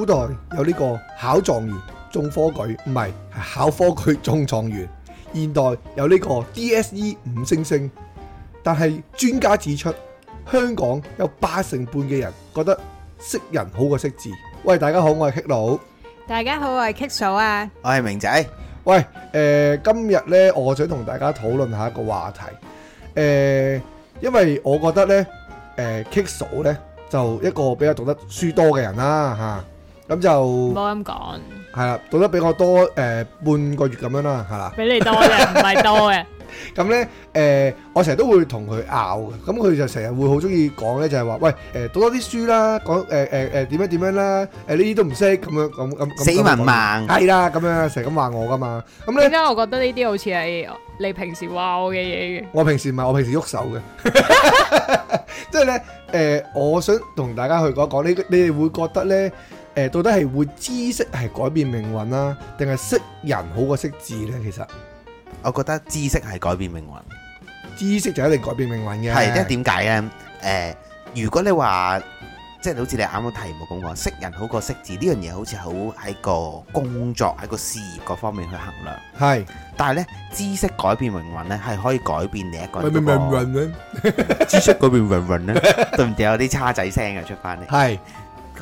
古代有呢個考狀元中科舉，唔係，係考科舉中狀元。現代有呢個 DSE 五星星，但係專家指出，香港有八成半嘅人覺得識人好過識字。喂，大家好，我係 Kick 佬。大家好，我係 Kick 嫂啊。我係明仔。喂，誒、呃，今日呢，我想同大家討論下一個話題。誒、呃，因為我覺得咧，誒、呃、，Kick 嫂、so、呢，就一個比較讀得書多嘅人啦，吓。咁就冇咁講，係啦，讀得比我多誒半個月咁樣啦，係啦，比你多嘅唔係多嘅。咁咧誒，我成日都會同佢拗嘅，咁佢就成日會好中意講咧，就係話喂誒，讀多啲書啦，講誒誒誒點樣點樣啦，誒呢啲都唔識咁樣咁咁死文盲係啦，咁樣成日咁話我噶嘛？咁點解我覺得呢啲好似係你平時話我嘅嘢嘅？我平時唔係我平時喐手嘅，即係咧誒，我想同大家去講講呢，你哋會覺得咧？誒，到底係會知識係改變命運啦，定係識人好過識字咧？其實，我覺得知識係改變命運，知識就一定改變命運嘅。係即係點解咧？誒，如果你話即係好似你啱啱題目咁講，識人好過識字呢樣嘢，好似好喺個工作喺個事業各方面去衡量。係，但係咧知識改變命運咧，係可以改變你一個人命運嘅。知識改變命運咧，對唔對？有啲叉仔聲啊，出翻嚟。係。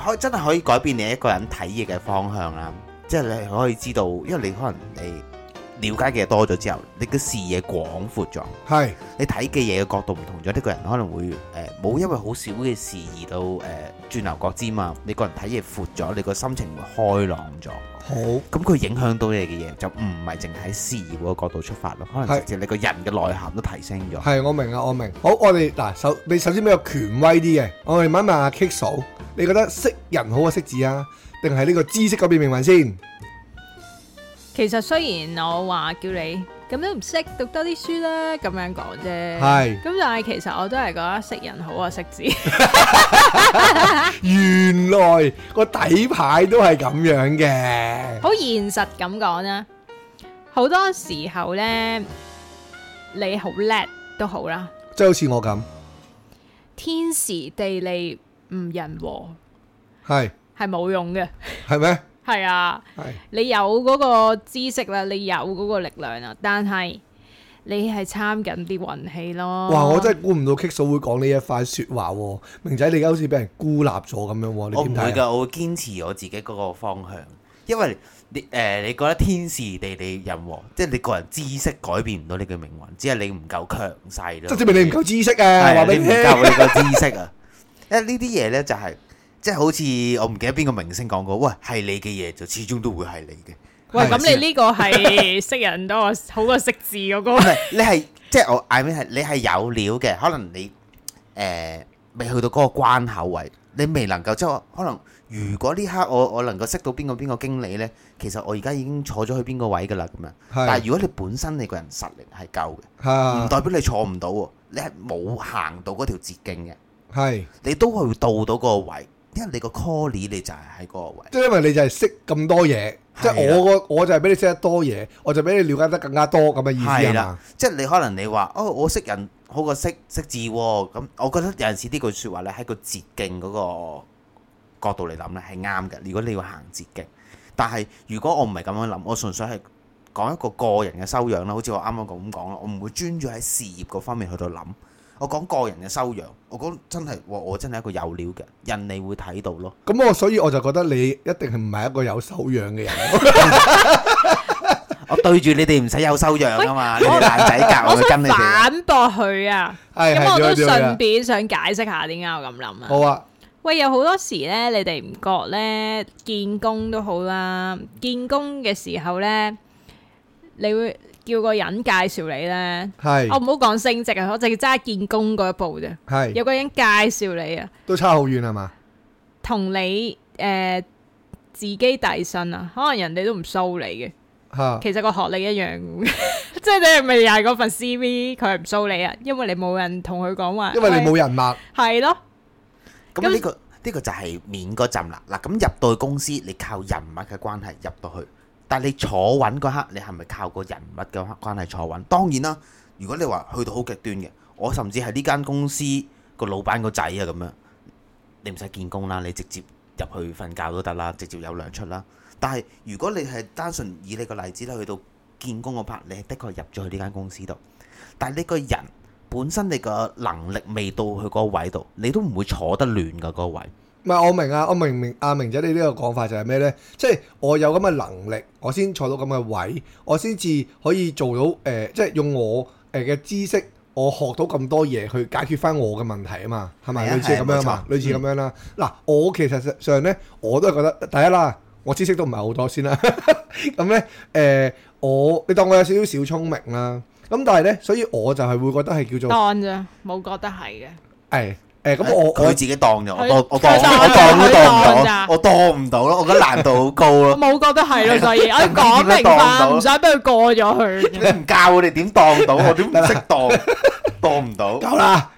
我真係可以改變你一個人睇嘢嘅方向啊！即係你可以知道，因為你可能你了解嘅嘢多咗之後，你嘅視野廣闊咗。係。你睇嘅嘢嘅角度唔同咗，呢個人可能會誒冇因為好少嘅事而到誒轉牛角尖嘛。你個人睇嘢闊咗，你個心情會開朗咗。好，咁佢影響到你嘅嘢就唔係淨係喺事業嘅角度出發咯，可能直接你個人嘅內涵都提升咗。係，我明啊，我明。好，我哋嗱首，你首先比較權威啲嘅，我哋問一問阿、啊、Kiko，你覺得識人好過，識字啊，定係呢個知識改變命運先？其實雖然我話叫你。咁都唔識讀多啲書啦，咁樣講啫。係。咁但係其實我都係覺得識人好過識字。原來個底牌都係咁樣嘅。好，現實咁講啦，好多時候呢，你好叻都好啦。即係好似我咁，天時地利唔人和，係係冇用嘅，係咩？係啊，你有嗰個知識啦，你有嗰個力量啊，但係你係參緊啲運氣咯。哇！我真係估唔到 Kiko 會講呢一塊說話，明仔你而家好似俾人孤立咗咁樣。你點睇？我唔會噶，我會堅持我自己嗰個方向，因為你誒、呃，你覺得天時地利人和，即係你個人知識改變唔到你嘅命運，只係你唔夠強勢咯。即證明你唔夠知識啊！話俾對你聽，你唔夠知識啊！誒，呢啲嘢呢，就係、是。即係好似我唔記得邊個明星講過，喂係你嘅嘢就始終都會係你嘅。喂，咁你呢個係識人都好過識字嗰個。你係即係我 I mean 係你係有料嘅，可能你誒未去到嗰個關口位，你未能夠即係可能。如果呢刻我我能夠識到邊個邊個經理呢，其實我而家已經坐咗去邊個位噶啦咁啊。但係如果你本身你個人實力係夠嘅，唔代表你坐唔到，你係冇行到嗰條捷徑嘅。係，你都去到到嗰個位。因為你個 call 你就係喺嗰個位，即係因為你就係識咁多嘢。是的 即係我我就係俾你識得多嘢，我就俾你，你了解得更加多咁嘅意思係啦。即係你可能你話哦，我識人好過識識字咁，我覺得有陣時呢句說話咧喺個捷徑嗰個角度嚟諗咧係啱嘅。如果你要行捷徑，但係如果我唔係咁樣諗，我純粹係講一個個人嘅修養啦。好似我啱啱咁講啦，我唔會專注喺事業嗰方面去到諗。我講個人嘅修養，我講真係，我真係一個有料嘅人，你會睇到咯。咁我所以我就覺得你一定係唔係一個有修養嘅人。我對住你哋唔使有修養啊嘛，難睇教我跟你哋。我想反駁佢啊，咁我都順便想解釋下點解我咁諗啊。好啊，喂，有好多時咧，你哋唔覺咧，見工都好啦，見工嘅時候咧，你會。叫個人介紹你咧，我唔好講升職啊，我淨係揸見工嗰一步啫。有個人介紹你啊，都差好遠係嘛？同你誒自己遞信啊，可能人哋都唔收你嘅。其實個學歷一樣，即係你係咪又係嗰份 CV 佢唔收你啊？因為你冇人同佢講話，因為你冇人脈。係咯，咁呢個呢個就係面嗰陣啦。嗱，咁入到公司，你靠人物嘅關係入到去。但係你坐穩嗰刻，你係咪靠個人物嘅關係坐穩？當然啦，如果你話去到好極端嘅，我甚至係呢間公司個老闆個仔啊咁樣，你唔使見工啦，你直接入去瞓覺都得啦，直接有糧出啦。但係如果你係單純以你個例子咧，去到見工嗰 part，你係的確入咗去呢間公司度，但係你個人本身你個能力未到去嗰個位度，你都唔會坐得亂㗎嗰個位。唔係我明啊，我明唔明阿明仔你呢個講法就係咩咧？即、就、係、是、我有咁嘅能力，我先坐到咁嘅位，我先至可以做到誒、呃，即係用我誒嘅知識，我學到咁多嘢去解決翻我嘅問題啊嘛，係咪、啊、類似咁樣啊？類似咁樣、嗯、啦。嗱，我其實,實上咧我都係覺得第一啦，我知識都唔係好多先啦。咁咧誒，我你當我有少少小聰明啦。咁但係咧，所以我就係會覺得係叫做答案咋，冇覺得係嘅。係、哎。誒，咁我佢自己當咗，我我當我當都當唔到，我當唔到咯，我覺得難度好高咯。冇覺得係咯，所以我講明白，唔使俾佢過咗去。你唔教我哋點當到，我點唔識當，當唔到。夠啦，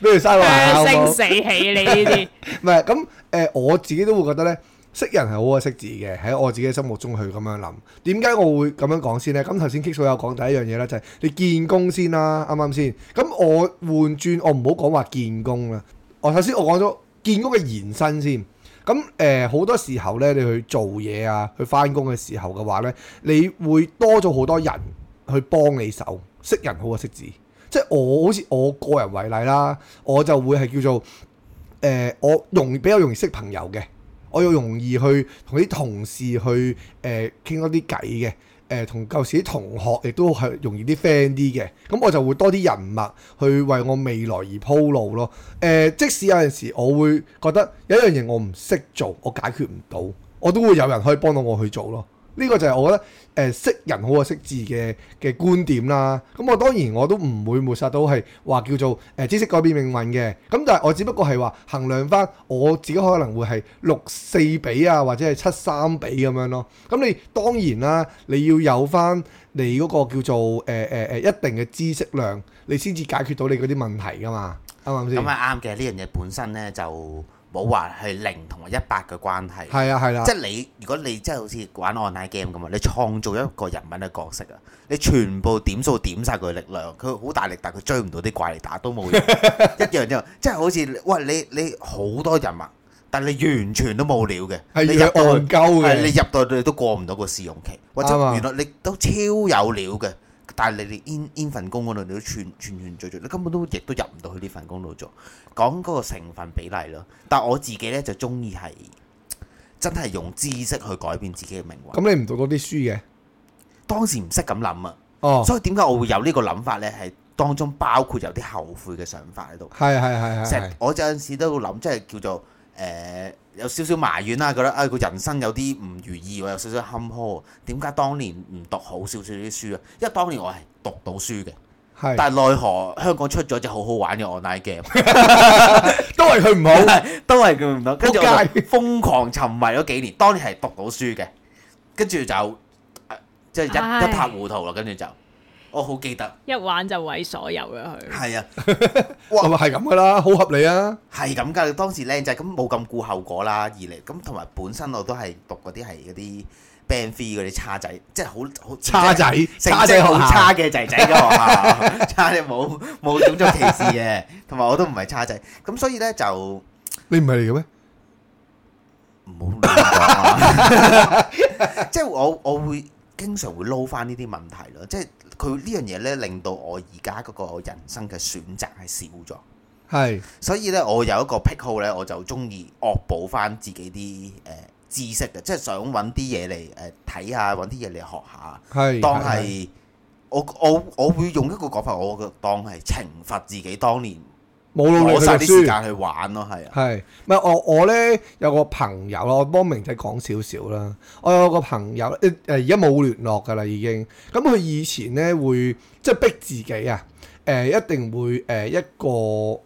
不如收留我。聲死起你呢啲，唔係咁，誒，我自己都會覺得咧。識人係好過識字嘅，喺我自己心目中去咁樣諗。點解我會咁樣講先咧？咁頭先 K 數、so、有講第一樣嘢咧，就係、是、你見工先啦，啱啱先？咁我換轉，我唔好講話見工啦。我頭先我講咗見工嘅延伸先。咁誒好多時候呢，你去做嘢啊，去返工嘅時候嘅話呢，你會多咗好多人去幫你手。識人好過識字，即係我好似我個人為例啦，我就會係叫做誒、呃，我容比較容易識朋友嘅。我又容易去同啲同事去誒傾多啲偈嘅，誒同舊時啲同學亦都係容易啲 friend 啲嘅，咁我就會多啲人脈去為我未來而鋪路咯。誒、呃，即使有陣時我會覺得有一樣嘢我唔識做，我解決唔到，我都會有人可以幫到我去做咯。呢個就係我覺得誒識人好過識字嘅嘅觀點啦。咁我當然我都唔會抹殺到係話叫做誒知識改變命運嘅。咁但係我只不過係話衡量翻我自己可能會係六四比啊，或者係七三比咁樣咯。咁你當然啦，你要有翻你嗰個叫做誒誒誒一定嘅知識量，你先至解決到你嗰啲問題㗎嘛，啱唔啱先？咁啊啱嘅，呢樣嘢本身呢就。冇話係零同埋一百嘅關係，係啊係啊，啊、即係你如果你真係好似玩 online game 咁啊，你創造一個人物嘅角色啊，你全部點數點晒佢力量，佢好大力，但係佢追唔到啲怪嚟打都冇用， 一樣啫、就是，即係好似喂，你你好多人物，但係你完全都冇料嘅，係入暗溝嘅，你入到去都過唔到個試用期，吧或者原來你都超有料嘅。但係你哋 in in 份工嗰度，你都全全全聚，聚，聚，做，你根本都亦都入唔到去呢份工度做。講嗰個成分比例咯。但係我自己呢就中意係真係用知識去改變自己嘅命運。咁、嗯、你唔讀多啲書嘅，當時唔識咁諗啊。哦、所以點解我會有呢個諗法呢？係當中包括有啲後悔嘅想法喺度。係係係，成我有陣時都會諗，即係叫做。誒、呃、有少少埋怨啦，覺得啊個、哎、人生有啲唔如意，有少少坎坷。點解當年唔讀好少少啲書啊？因為當年我係讀到書嘅，是但係奈何香港出咗隻好好玩嘅 online game， 都係佢唔好， 都係佢唔好。 跟住我瘋狂沉迷咗幾年，當年係讀到書嘅，跟住就即係、呃、一一塌是糊塗啦，跟住就。我好記得，一玩就毀所有嘅佢。係啊，哇，係咁噶啦，好合理啊，係咁噶。當時靚仔咁冇咁顧後果啦，二嚟咁同埋本身我都係讀嗰啲係嗰啲 band 嗰啲叉仔，即係好好叉仔，成績好差嘅仔仔咯，差你冇冇種族歧視嘅，同埋我都唔係叉仔，咁所以咧就你唔係嚟嘅咩？唔好亂講， 即係我我，我，我會。經常會撈翻呢啲問題咯，即係佢呢樣嘢咧，令到我而家嗰個人生嘅選擇係少咗。係，所以咧我有一個癖好咧，我就中意惡補翻自己啲誒知識嘅，即係想揾啲嘢嚟誒睇下，揾啲嘢嚟學下。係，當係我我我會用一個講法，我嘅當係懲罰自己當年。冇攞曬啲時間去玩咯，係啊，係，唔係我我咧有個朋友咯，我幫明仔講少少啦。我有個朋友誒而家冇聯絡噶啦已經。咁佢以前咧會即係逼自己啊。誒、呃、一定會誒、呃、一個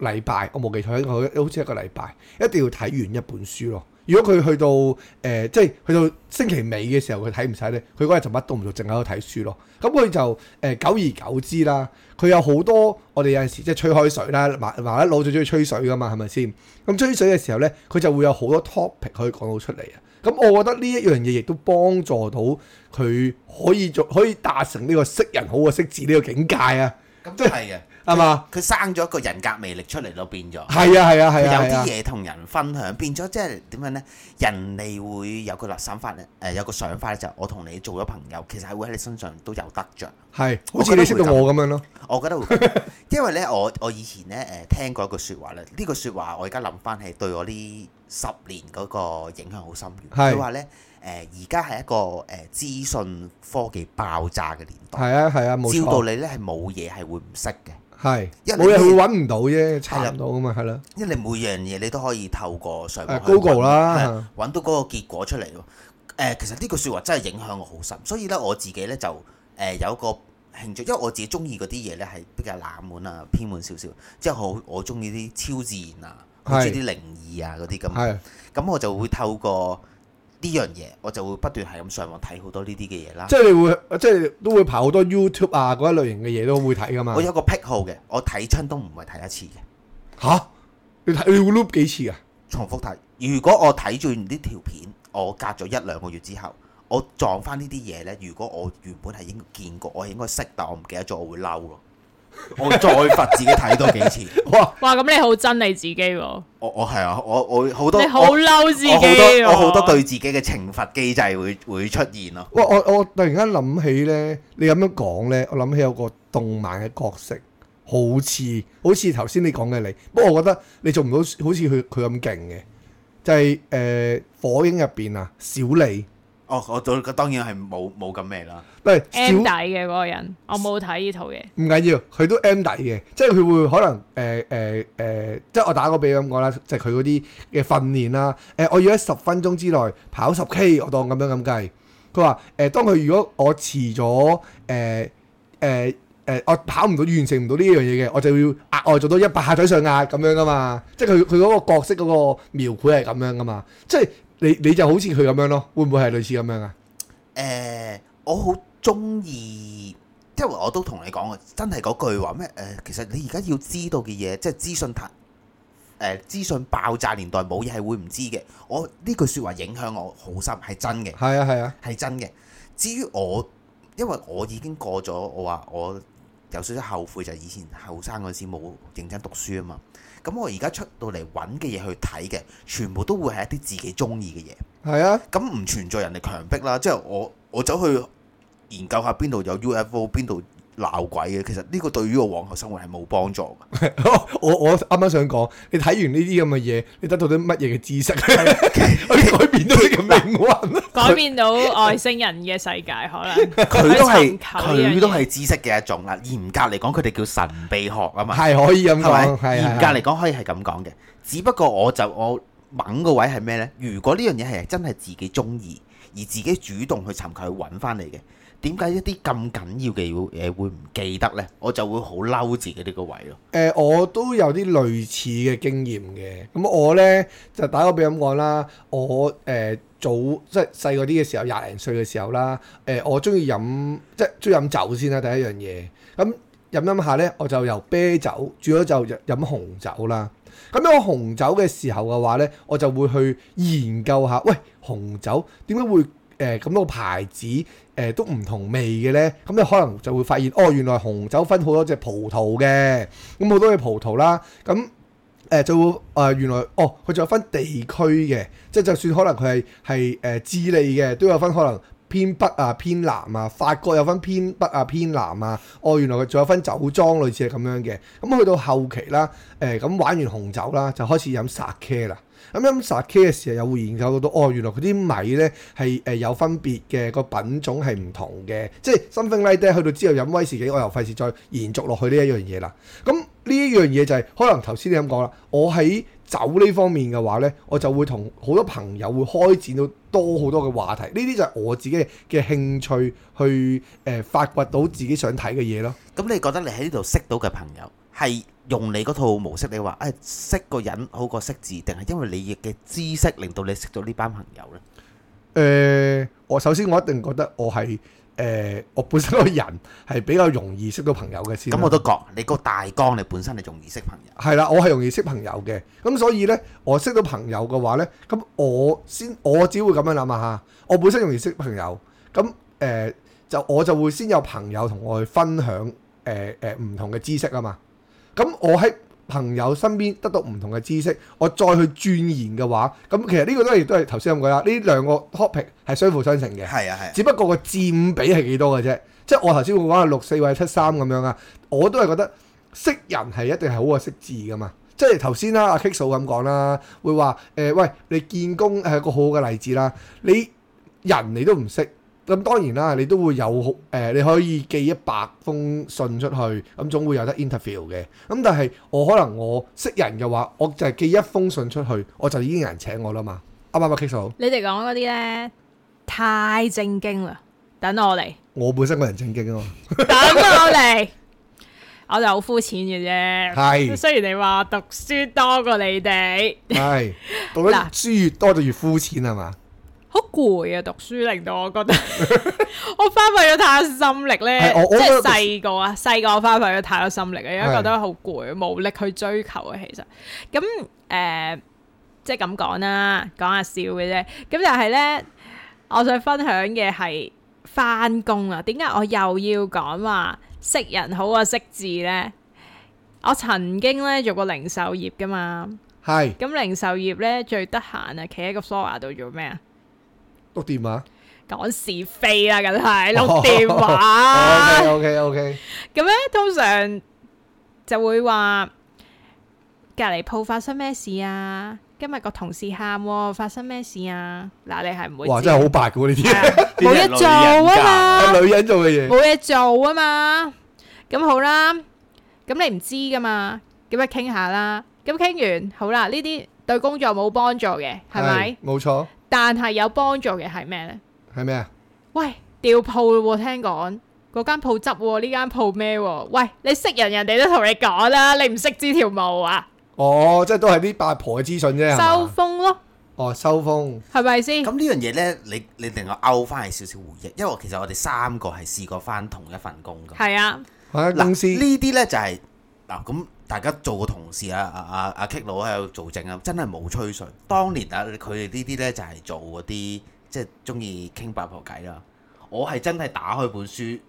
禮拜，我冇記錯，好似一,一個禮拜一定要睇完一本書咯。如果佢去到誒、呃，即係去到星期尾嘅時候，佢睇唔晒咧，佢嗰日就乜都唔做，淨喺度睇書咯。咁、嗯、佢就誒、呃、久而久之啦，佢有好多我哋有陣時即係吹開水啦，麻麻甩佬最中意吹水噶嘛，係咪先？咁、嗯、吹水嘅時候咧，佢就會有好多 topic 可以講到出嚟啊。咁、嗯、我覺得呢一樣嘢亦都幫助到佢可以做，可以達成呢個識人好過識字呢個境界啊。咁即係嘅，係嘛？佢吧生咗一個人格魅力出嚟咯，變咗。係啊，係啊，係啊。啊啊啊啊啊有啲嘢同人分享，變咗即係點樣咧？人哋會有個立想法咧，誒、呃、有個想法咧，就係、我同你做咗朋友，其實係會喺你身上都有得着。係，好似你識到我咁樣咯。我覺得，會會得我，因為咧，我我以前咧誒聽過一句説話咧，呢句説話我而家諗翻係對我呢十年嗰個影響好深遠。佢話咧。誒而家係一個誒資訊科技爆炸嘅年代，係啊係啊，冇錯。照道理咧係冇嘢係會唔識嘅，係。冇嘢揾唔到啫，差唔多吖嘛。係咯。因為每樣嘢你都可以透過上網去 Google 啦，揾到嗰個結果出嚟。誒，其實呢句説話真係影響我好深，所以咧我自己咧就誒有一個興趣，因為我自己中意嗰啲嘢咧係比較冷門啊、偏門少少，即係我我中意啲超自然啊，好似啲靈異啊嗰啲咁。係。咁我就會透過。呢樣嘢我就會不斷係咁上網睇好多呢啲嘅嘢啦。即係你會，即係都會排好多 YouTube 啊嗰一類型嘅嘢都會睇㗎嘛。我有個癖好嘅，我睇親都唔係睇一次嘅。嚇？你睇你會 loop 幾次啊？重複睇。如果我睇住呢條片，我隔咗一兩個月之後，我撞翻呢啲嘢呢。如果我原本係已經見過，我應該識，但我唔記得咗，我會嬲。 我再罰自己睇多幾次，哇，咁你好憎你自己喎！我我係啊，我我好多，你好嬲自己，我好多對自己嘅懲罰機制，會會出現咯。我突然間諗起呢，你咁樣講呢，我諗起有個動漫嘅角色，好似好似頭先你講嘅你，不過我覺得你做唔到好，好似佢佢咁勁嘅，就係、是、誒、呃、火影入邊啊小李。哦，我做當然係冇冇咁咩啦。唔係 M 底嘅嗰個人，我冇睇呢套嘢。唔緊要，佢都 M 底嘅，即係佢會可能誒誒誒，即係我打個比咁講啦，即係佢嗰啲嘅訓練啦。誒、呃，我要喺十分鐘之內跑十 K，我當咁樣咁計。佢話誒，當佢如果我遲咗誒誒誒，我跑唔到完成唔到呢樣嘢嘅，我就要額外做到一百下掌上壓咁樣噶嘛。即係佢佢嗰個角色嗰個描繪係咁樣噶嘛。即係。你你就好似佢咁樣咯，會唔會係類似咁樣啊？誒、呃，我好中意，因為我都同你講啊，真係嗰句話咩？誒、呃，其實你而家要知道嘅嘢，即係資訊突，誒、呃、資訊爆炸年代，冇嘢係會唔知嘅。我呢句説話影響我好深，係真嘅。係啊係啊，係啊，真嘅。至於我，因為我已經過咗，我話我有少少後悔，就係以前後生嗰時冇認真讀書啊嘛。咁我而家出到嚟揾嘅嘢去睇嘅，全部都會係一啲自己鍾意嘅嘢。係啊，咁唔存在人哋強迫啦。即係我我走去研究下邊度有 UFO，邊度鬧鬼嘅，其實呢個對於我往後生活係冇幫助嘅。 我我啱啱想講，你睇完呢啲咁嘅嘢，你得到啲乜嘢嘅知識，去 改變到你嘅命運， 改變到外星人嘅世界，可能佢 都係佢 都係知識嘅一種啦。嚴格嚟講，佢哋叫神秘學啊嘛，係 可以咁講，嚴格嚟講可以係咁講嘅。只不過我就我懵個位係咩呢？如果呢樣嘢係真係自己中意，而自己主動去尋求去揾翻你嘅。點解一啲咁緊要嘅嘢會唔記得呢？我就會好嬲自己呢個位咯。誒，我都有啲類似嘅經驗嘅。咁我呢，就打個比咁講啦。我誒、呃、早即係細個啲嘅時候，廿零歲嘅時候啦。誒、呃，我中意飲即係中意飲酒先啦，第一樣嘢。咁飲飲下呢，我就由啤酒轉咗就飲紅酒啦。咁樣紅酒嘅時候嘅話呢，我就會去研究下，喂紅酒點解會？誒，咁多牌子誒、呃、都唔同味嘅咧。咁你可能就會發現哦，原來紅酒分好多隻葡萄嘅，咁好多隻葡萄啦，咁誒、呃、就會啊、呃、原來哦，佢仲有分地區嘅，即係就算可能佢係係誒智利嘅都有分可能偏北啊偏南啊，法國有分偏北啊偏南啊，哦，原來佢仲有分酒莊類似係咁樣嘅，咁、嗯、去到後期啦，誒、呃、咁、嗯、玩完紅酒啦，就開始飲 sake 啦。咁咁 Sake 嘅時候，又會研究到哦，原來佢啲米咧係誒有分別嘅，個品種係唔同嘅，即係 something like that。去到之後飲威士忌，我又費事再延續落去呢一樣嘢啦。咁呢一樣嘢就係可能頭先你咁講啦，我喺酒呢方面嘅話咧，我就會同好多朋友會開展到多好多嘅話題。呢啲就係我自己嘅興趣，去誒發掘到自己想睇嘅嘢咯。咁你覺得你喺呢度識到嘅朋友係？用你嗰套模式，你話誒識個人好過識字，定係因為你嘅知識令到你識到呢班朋友呢？誒、呃，我首先我一定覺得我係誒、呃，我本身個人係比較容易識到朋友嘅先。咁 我都覺你個大綱，你本身係容易識朋友。係 啦，我係容易識朋友嘅，咁所以呢，我識到朋友嘅話呢，咁我先我只會咁樣諗下，我本身容易識朋友，咁誒、呃、就我就會先有朋友同我去分享誒誒唔同嘅知識啊嘛。咁我喺朋友身邊得到唔同嘅知識，我再去鑽研嘅話，咁其實呢個都亦都係頭先咁講啦。呢兩個 topic 係相輔相成嘅，係啊係、啊。只不過個佔比係幾多嘅啫，即係我頭先會講係六四或者七三咁樣啊，我都係覺得識人係一定係好過識字噶嘛。即係頭先啦，阿、啊、Kisso 咁講啦，會話誒、呃、喂，你建工係一個好好嘅例子啦，你人你都唔識。咁當然啦，你都會有誒、呃，你可以寄一百封信出去，咁總會有得 interview 嘅。咁但係我可能我識人嘅話，我就係寄一封信出去，我就已經有人請我啦嘛。啱唔啱？基數，你哋講嗰啲呢，太正經啦，等我嚟。我本身個人正經啊嘛，等我嚟， 我就好膚淺嘅啫。係是，雖然你話讀書多過你哋，係讀得書越多就越膚淺係嘛？好攰啊！讀書令到我覺得呵呵， 我花費咗太多心力咧， 即係細個啊，細個 我花費咗太多心力啊，因為覺得好攰，冇力去追求啊。其實咁誒，即係咁講啦，講下笑嘅啫。咁但係咧，我想分享嘅係翻工啊。點解我又要講話識人好過識字咧？我曾經咧做過零售業噶嘛。係是。咁零售業咧最得閒啊，企喺個 floor 度做咩啊？碌電話，講是非啦，梗係碌電話。OK OK OK，咁咧通常就會話隔籬鋪發生咩事啊？今日個同事喊，發生咩事啊？嗱，你係唔會？哇，真係好白噶喎！呢啲冇嘢做啊嘛，係女人做嘅嘢，冇嘢做啊嘛。咁好啦，咁你唔知噶嘛，咁咪傾下啦。咁傾完好啦，呢啲對工作冇幫助嘅，係咪？冇錯。但係有幫助嘅係咩呢？係咩啊？喂，調鋪咯，聽講嗰間鋪執，呢間鋪咩？喂，你識人，人哋都同你講啦，你唔識知條毛啊？哦，即係都係啲八婆嘅資訊啫，收風咯。哦，收風係咪先？咁呢樣嘢呢，你你令我勾翻去少少回憶，因為其實我哋三個係試過翻同一份工噶。係啊，嗱，呢啲呢就係、是。嗱，咁、啊、大家做個同事啊，阿阿阿 K 佬喺度做證啊，啊正真係冇吹水。當年啊，佢哋呢啲咧就係、是、做嗰啲，即係中意傾八婆偈啦。我係真係打開本書，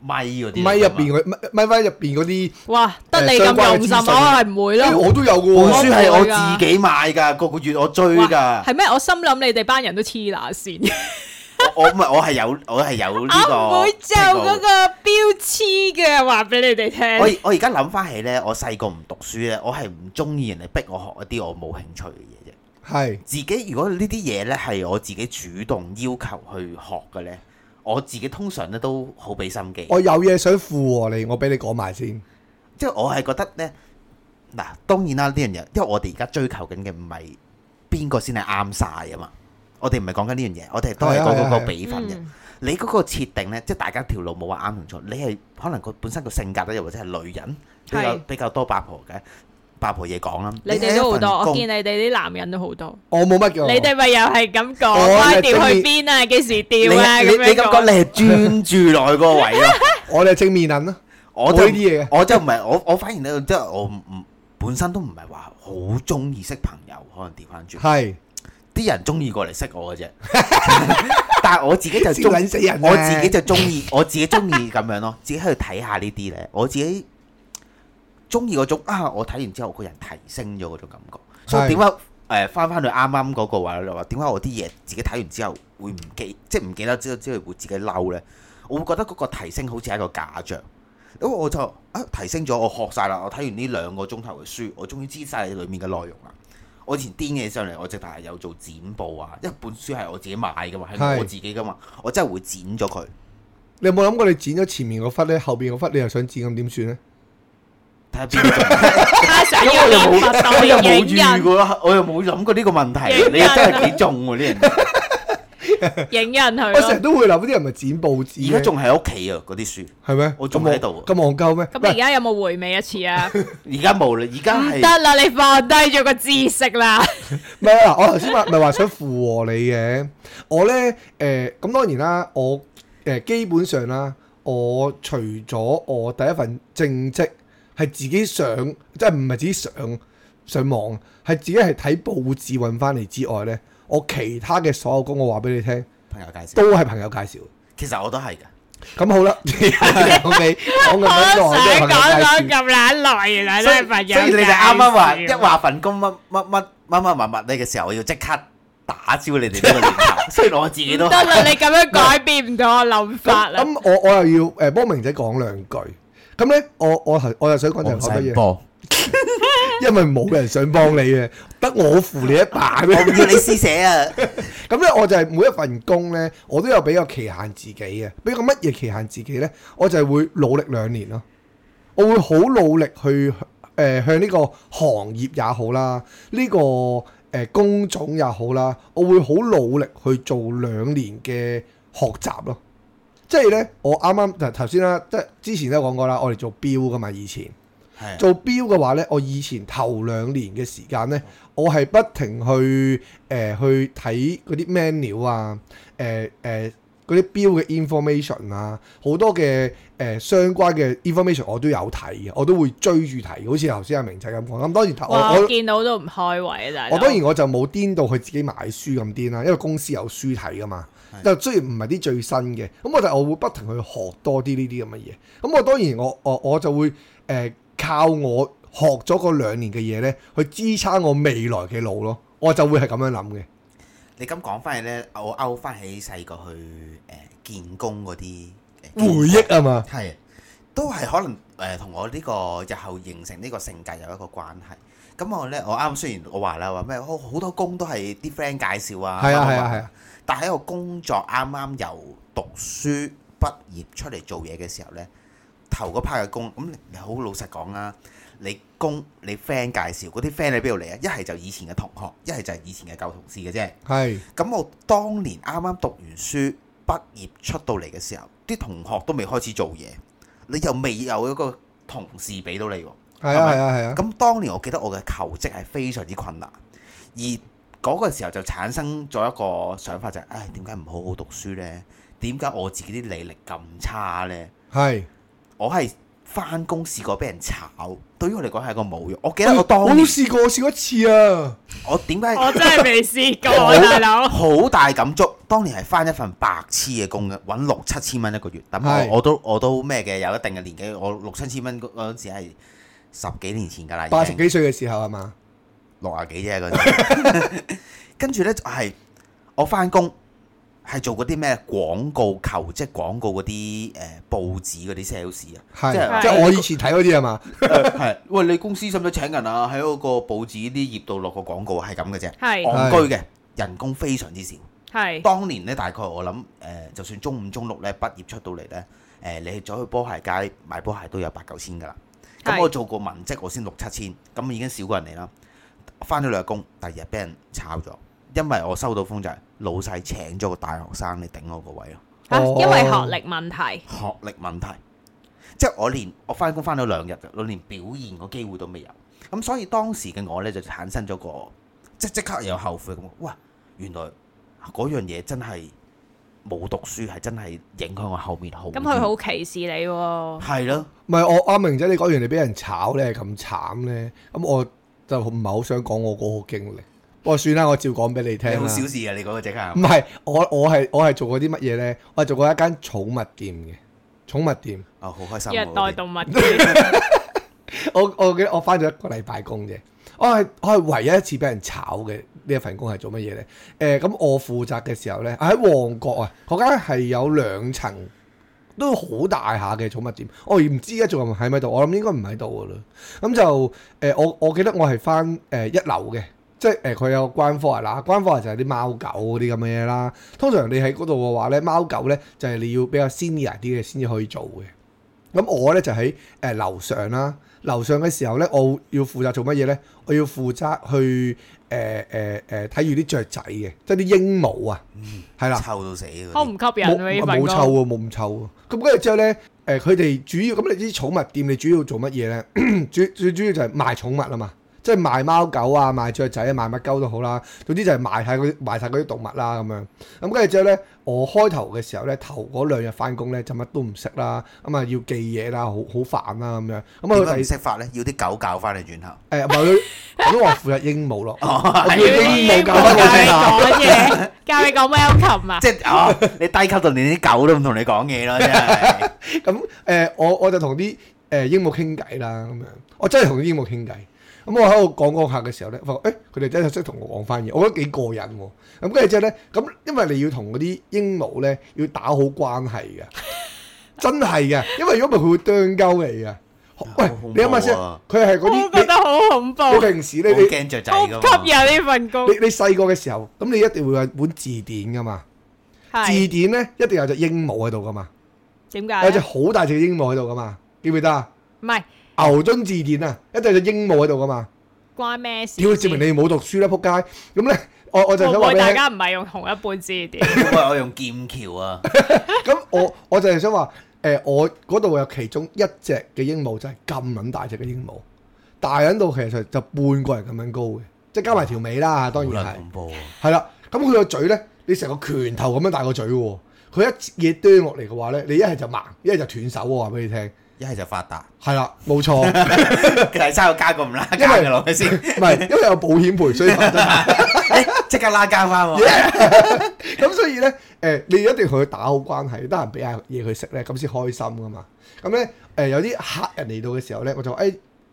咪啲，咪入邊佢，咪咪入邊嗰啲。哇，得你咁用心、啊、我係唔會咯、哎？我都有不可不可本書係我自己買㗎，個個月我追㗎。係咩？我心諗你哋班人都黐乸線。 我唔係，我係有，我係有呢個。我會就嗰個標籤嘅話俾你哋聽。我我而家諗翻起咧，我細個唔讀書咧，我係唔中意人哋逼我學一啲我冇興趣嘅嘢啫。係是自己如果呢啲嘢咧係我自己主動要求去學嘅咧，我自己通常咧都好俾心機。我有嘢想附和你，我俾你講埋先。即係我係覺得咧，嗱，當然啦，啲人又，因為我哋而家追求緊嘅唔係邊個先係啱晒啊嘛。我哋唔係講緊呢樣嘢，我哋都係講緊個比分嘅。你嗰個設定呢，即係大家條路冇話啱同錯。你係可能佢本身個性格又或者係女人比較多八婆嘅八婆嘢講啦。你哋都好多，我見你哋啲男人都好多。我冇乜用，你哋咪又係咁講，歪掉去邊啊？幾時掉啊？你感覺你係專注內個位啊？我哋正面人咯，我啲嘢，我真係唔係我，我反而咧，即係我唔本身都唔係話好中意識朋友，可能調翻轉係。啲人中意過嚟識我嘅啫， 但係我自己就中意識人、啊、我自己就中意，我自己中意咁樣咯。自己喺度睇下呢啲咧，我自己中意嗰種啊。我睇完之後，個人提升咗嗰種感覺。所以點解誒翻翻去啱啱嗰個話你話？點解我啲嘢自己睇完之後會唔記，即係唔記得之之後會自己嬲咧？我會覺得嗰個提升好似係一個假象。咁我就啊提升咗，我學晒啦，我睇完呢兩個鐘頭嘅書，我終於知晒裡面嘅內容啦。我以前癲起上嚟，我直頭係有做剪報啊！一本書係我自己買噶嘛，係我自己噶嘛，是我真係會剪咗佢。你有冇諗過你剪咗前面嗰忽咧，後邊嗰忽你又想剪，咁點算咧？睇下邊，我又冇諗過，我又冇諗過呢個問題，因你又真係幾重喎啲人。 影 Yeah. 人去、啊，我成日都會諗，嗰啲人咪剪報紙。而家仲喺屋企啊，嗰啲書係咩？嗎我仲喺度，咁戇鳩咩？咁你而家有冇回味一次啊？而家冇啦，而家唔得啦，你放低咗個知識啦。唔係啊，我頭先話咪話想附和你嘅， 我咧，誒咁當然啦，我誒、呃、基本上啦，我除咗我第一份正職係自己上，即係唔係自己上上網，係自己係睇報紙揾翻嚟之外咧。我其他嘅所有工我，我話俾你聽，朋友介紹都係朋友介紹。其實我都係㗎。咁好啦，講咁耐，講咁耐，原來都係朋友介紹所。所以，所以你哋啱啱話一話份工乜乜乜乜乜乜乜呢嘅時候，我要即刻打消你哋呢個念頭。雖然 以我自己都得啦，你咁樣改變唔到我諗法啦。咁、啊、我我又要誒幫明仔講兩句。咁咧，我我係我又想講啲細波。因為冇人想幫你嘅，得 我扶你一把。我唔要你施捨啊！咁咧，我就係每一份工咧，我都有俾個期限自己嘅，俾個乜嘢期限自己咧？我就係會努力兩年咯。我會好努力去誒、呃、向呢個行業也好啦，呢、這個誒工種也好啦，我會好努力去做兩年嘅學習咯。即係咧，我啱啱頭頭先啦，即係之前都講過啦，我哋做標噶嘛，以前。做標嘅話呢，我以前頭兩年嘅時間呢，嗯、我係不停去誒、呃、去睇嗰啲 menu 啊、呃，誒誒嗰啲標嘅 information 啊，好多嘅誒相關嘅 information 我都有睇嘅，我都會追住睇，好似頭先阿明仔咁講。咁當然哇我我見到都唔開胃啊，我當然我就冇顛到去自己買書咁顛啦，因為公司有書睇噶嘛。就的雖然唔係啲最新嘅，咁我就我會不停去學多啲呢啲咁嘅嘢。咁我當然我我我就會誒。呃靠我學咗嗰兩年嘅嘢呢，去支撐我未來嘅路咯，我就會係咁樣諗嘅。你咁講翻嚟，呢，我勾翻起細個去誒見工，嗰啲回憶啊嘛，係都係可能誒同，呃、我呢，這個日後形成呢個性格有一個關係。咁我呢，我啱雖然我話啦，話咩好好多工都係啲 friend 介紹啊，係啊係啊，但喺個工作啱啱由讀書畢業出嚟做嘢嘅時候呢。頭嗰批嘅工，咁你好老實講啊。你工你 friend 介紹嗰啲 friend 喺邊度嚟啊？一係就以前嘅同學，一係就係以前嘅舊同事嘅啫。係是。咁我當年啱啱讀完書畢業出到嚟嘅時候，啲同學都未開始做嘢，你又未有一個同事俾到你喎。係啊係啊係啊！咁、啊啊、當年我記得我嘅求職係非常之困難，而嗰個時候就產生咗一個想法就係、是：，唉、哎，點解唔好好讀書呢？點解我自己啲履歷咁差呢？係。我係翻工試過俾人炒，對於我嚟講係個侮辱。我記得我當年我都試過試過一次啊！我點解我真係未試過大佬？好 老大感觸，當年係翻一份白癡嘅工嘅，搵六七千蚊一個月。等係是我都我都咩嘅，有一定嘅年紀。我六七千蚊嗰陣時係十幾年前噶啦，八十幾歲嘅時候啊嘛，六廿幾啫嗰陣。跟住呢，就係我翻工。係做嗰啲咩廣告求職廣告，呃、是即係廣告嗰啲誒報紙嗰啲 sales 啊，即係我以前睇嗰啲係嘛，係， 喂，你公司使唔使請人啊？喺嗰個報紙啲頁度落個廣告啊，係咁嘅啫，戇居嘅，人工非常之少。係是，當年呢，大概我諗誒、呃，就算中五中六呢畢業出到嚟呢，誒、呃、你去走去波鞋街賣波鞋都有八九千噶啦。咁是我做過文職，我先六七千，咁已經少過人嚟啦。翻咗兩個工，第二日俾人炒咗。因為我收到風就係老細請咗個大學生嚟頂我個位咯、啊啊，因為學歷問題。學歷問題，即係我連我翻工翻咗兩日，我連表現個機會都未有，咁所以當時嘅我呢，就產生咗個即，即即刻又後悔咁，哇！原來嗰樣嘢真係冇讀書係真係影響我後面好。咁佢、嗯、好歧視你喎、啊？係咯、啊，唔係我阿明仔，你講完你俾人炒呢，咁慘呢？咁我就唔係好想講我嗰個經歷。我算啦，我照講俾你聽好小事啊。你嗰個職啊？唔係，我我係我係做過啲乜嘢咧？我係做過一間寵物店嘅，寵物店。哦，好開心！虐待動物。我我記得我翻咗一個禮拜工啫。我係我係唯一一次俾人炒嘅呢一份工係做乜嘢咧？誒，咁我負責嘅時候咧，喺旺角啊，嗰間係有兩層，都好大下嘅寵物店。我唔知依家仲喺唔喺度，我諗應該唔喺度噶啦。咁就誒，我我記得我係翻誒一樓嘅。即係誒，佢有關科啊！嗱，關科就係啲貓狗嗰啲咁嘅嘢啦。通常你喺嗰度嘅話咧，貓狗咧就係你要比較 senior 啲嘅先至可以做嘅。咁我咧就喺誒樓上啦。樓上嘅時候咧，我要負責做乜嘢咧？我要負責去誒誒誒睇住啲雀仔嘅，即係啲鸚鵡啊，係啦，臭到死好唔吸引啊！冇臭喎，冇咁臭喎。咁跟住之後咧，誒佢哋主要咁，你啲寵物店你主要做乜嘢咧？最最主要就係賣寵物啦嘛。即係賣貓狗啊，賣雀仔啊，賣乜鳩都好啦。總之就係賣晒嗰啲，賣晒嗰啲動物啦咁樣。咁跟住之後咧，我開頭嘅時候咧，頭嗰兩日翻工，咧就乜都唔識啦。咁啊要記嘢啦，好好煩啦咁樣。咁啊，佢第二識法咧，要啲狗教翻你轉頭。誒，唔係佢，我都負責鸚鵡咯。鸚鵡教我講嘢，教你講 welcome 啊。即係啊，你低級到連啲狗都唔同你講嘢咯，真係。咁誒，我我就同啲誒鸚鵡傾偈啦，咁樣。我真係同啲鸚鵡傾偈。咁我喺度講嗰客嘅時候咧，發覺誒佢哋真係識同我講翻嘢，我覺得幾過癮喎。咁跟住之後咧，咁因為你要同嗰啲鸚鵡咧要打好關係嘅，真係嘅。因為如果唔係佢會啄鳩你嘅。喂，你諗下先，佢係嗰啲你。我覺得好恐怖。到平時你你驚雀仔㗎嘛？我唔吸引呢份工。你你細個嘅時候，咁你一定會有本字典㗎嘛？字典咧一定有隻鸚鵡喺度㗎嘛？點解？有隻好大隻鸚鵡喺度㗎嘛？記唔記得啊？唔係。牛津字典啊，一對隻鸚鵡喺度噶嘛，關咩事？要證明你冇讀書啦、啊，撲街！咁咧，我我就想話，會會大家唔係用同一半字典，因 我用劍橋啊。咁 我我就係想話，誒、呃，我嗰度有其中一隻嘅鸚鵡就係咁撚大隻嘅鸚鵡，大人度其實就半個人咁樣高嘅，即係加埋條尾啦。當然係，恐怖係啦。咁佢個嘴咧，你成個拳頭咁樣大個嘴，佢一嘢端落嚟嘅話咧，你一係就盲，一係就斷手。我話俾你聽。一係就發達，係啦，冇錯。第三個加咁唔拉，因為攞去先，唔係 因為有保險賠，所以即 刻拉交翻喎。咁 Yeah. 所以咧，誒、呃，你一定要同佢打好關係，得閒俾下嘢佢食咧，咁先開心噶嘛。咁咧，誒、呃，有啲客人嚟到嘅時候咧，我就誒。哎誒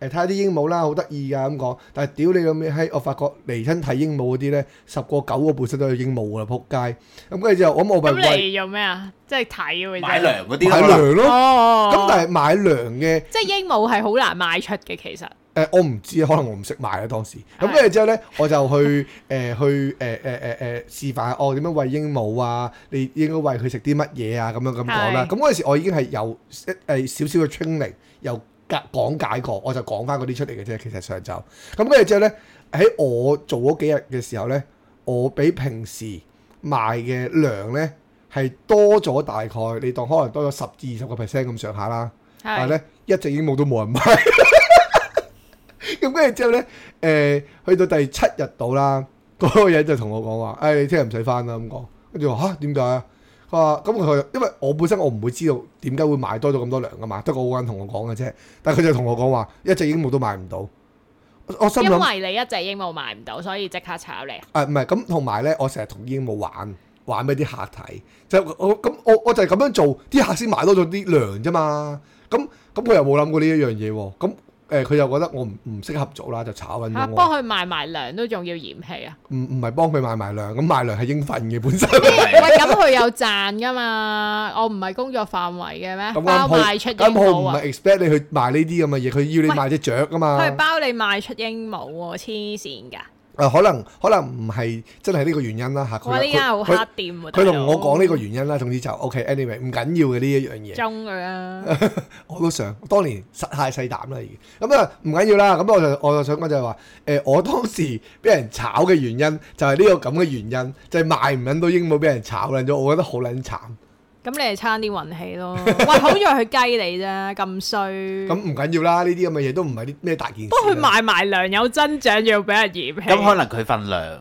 誒睇下啲鸚鵡啦，好得意㗎咁講，但係屌你咁樣嘿！我發覺嚟親睇鸚鵡嗰啲咧，十個九個本身都係鸚鵡啦，仆街！咁跟住之後，後我我，我冇辦法。咁嚟做咩啊？即係睇啊！買糧嗰啲咯。哦哦哦 買糧咯。咁但係買糧嘅。即係鸚鵡係好難賣出嘅，其實。誒、欸、我唔知啊，可能我唔識賣啊當時。咁跟住之後咧，我就去誒、 呃、去誒誒誒誒示範哦，點樣餵鸚鵡啊？你應該餵佢食啲乜嘢啊？咁樣咁講啦。咁嗰陣時我已經係有一少少嘅聰明又。呃解講解過，我就講翻嗰啲出嚟嘅啫。其實上晝，咁跟住之後咧，喺我做嗰幾日嘅時候咧，我比平時賣嘅量咧係多咗大概，你當可能多咗十至二十個 percent 咁上下啦。是但係咧，一隻鸚鵡都冇人買。咁跟住之後咧，誒、呃、去到第七日到啦，嗰、那個人就同我講話：，誒、哎、你聽日唔使翻啦咁講。跟住話吓點解？啊咁佢、啊、因為我本身我唔會知道點解會買多咗咁多糧噶嘛，得個好 friend 同我講嘅啫。但係佢就同我講話，一隻鸚鵡都買唔到。我心諗因為你一隻鸚鵡買唔到，所以即刻炒你？誒唔係咁，同埋咧，我成日同鸚鵡玩玩俾啲客睇，就我咁我我就係咁樣做，啲客先買多咗啲糧啫嘛。咁咁佢又冇諗過呢一樣嘢喎。咁誒佢又覺得我唔唔適合做啦，就炒穩咗我。啊、幫佢賣埋糧都仲要嫌棄啊？唔唔係幫佢賣埋糧，咁賣糧係應份嘅本身、欸。喂，咁佢有賺噶嘛？ 我唔係工作範圍嘅咩？包賣出鸚鵡啊！咁我唔係 expect 你去賣呢啲咁嘅嘢，佢要你賣隻雀噶嘛？佢係包你賣出鸚鵡喎，黐線㗎！啊，可能可能唔係真係呢個原因啦嚇。我呢間好黑店，佢同我講呢個原因啦，總之就 OK，anyway，唔緊要嘅呢一樣嘢。中佢啦。 我都想，當年實太細膽啦，而咁啊唔緊要啦。咁我就我就想講就係話，誒，我當時俾人炒嘅原因就係呢個咁嘅原因，就係、是、賣唔撚到鸚鵡俾人炒撚咗，我覺得好撚慘。咁你係差啲運氣咯，喂，好在佢雞你啫，咁衰。咁唔緊要啦，呢啲咁嘅嘢都唔係啲咩大件事。不過佢賣埋糧有增長，要俾人嫌棄。咁、嗯、可能佢份糧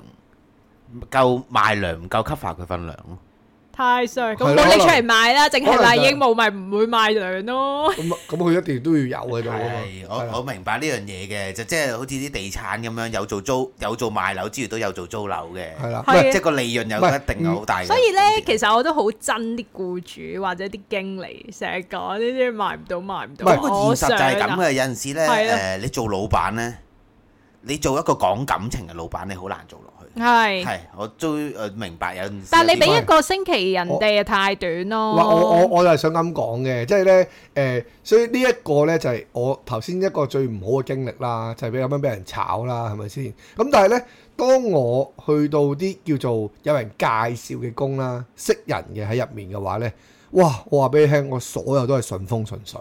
夠賣糧，唔夠 cover 佢份糧咯。太上咁冇拎出嚟賣啦，淨係賣鸚鵡咪唔會賣糧咯。咁咁佢一定都要有嘅。係我我明白呢樣嘢嘅，就即係好似啲地產咁樣，有做租有做賣樓之餘，都有做租樓嘅。係啦，即係個利潤又一定係好大。所以咧，其實我都好憎啲僱主或者啲經理成日講呢啲賣唔到賣唔到。唔係，不過現實就係咁嘅，有陣時咧誒，你做老闆咧，你做一個講感情嘅老闆，你好難做落。係，係我都誒明白有。但係你俾一個星期，人哋啊，太短咯。我我我就係想咁講嘅，即係咧誒，所以呢一個咧就係我頭先一個最唔好嘅經歷啦，就係俾咁樣俾人炒啦，係咪先？咁但係咧，當我去到啲叫做有人介紹嘅工啦，識人嘅喺入面嘅話咧，哇！我話俾你聽，我所有都係順風順水，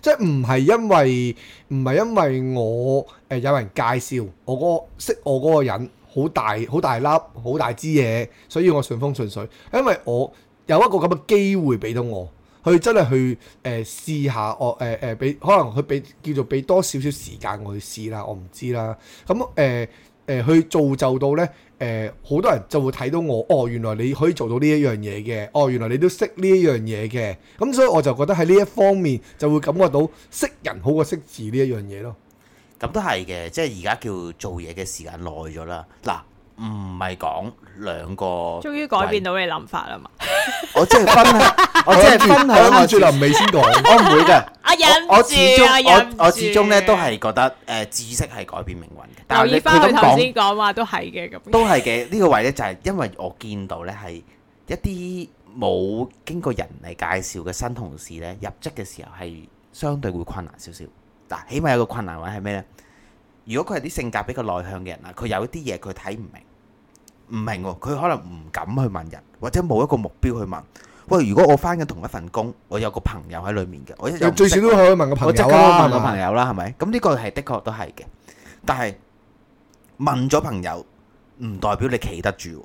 即係唔係因為唔係因為我誒有人介紹，我嗰識我嗰個人。好大好大粒好大支嘢，所以我順風順水，因為我有一個咁嘅機會俾到我真去真係去誒試下哦誒誒俾可能佢俾叫做俾多少少時間我去試啦，我唔知啦。咁誒誒去造就到咧誒，好、呃、多人就會睇到我哦，原來你可以做到呢一樣嘢嘅，哦，原來你都識呢一樣嘢嘅，咁、嗯、所以我就覺得喺呢一方面就會感覺到識人好過識字呢一樣嘢咯。咁都係嘅，即係而家叫做嘢嘅時間耐咗啦。嗱，唔係講兩個，終於改變到你諗法啦嘛？ 我即係分，享， 我即係分享，享啊。最臨尾先講，唔會嘅。我始終，我我始終咧都係覺得，誒、呃，知識係改變命運嘅。但你留意翻佢頭先講話都係嘅，咁都係嘅。呢個位咧就係因為我見到咧係一啲冇經過人嚟介紹嘅新同事咧入職嘅時候係相對會困難少少。嗱，起碼有個困難位係咩呢？如果佢係啲性格比較內向嘅人啊，佢有啲嘢佢睇唔明，唔明喎，佢可能唔敢去問人，或者冇一個目標去問。喂，如果我返緊同一份工，我有個朋友喺裡面嘅，我最少都可以問個朋友，我即刻問個朋友啦，係咪啊？咁呢個係的確都係嘅，但係問咗朋友唔代表你企得住。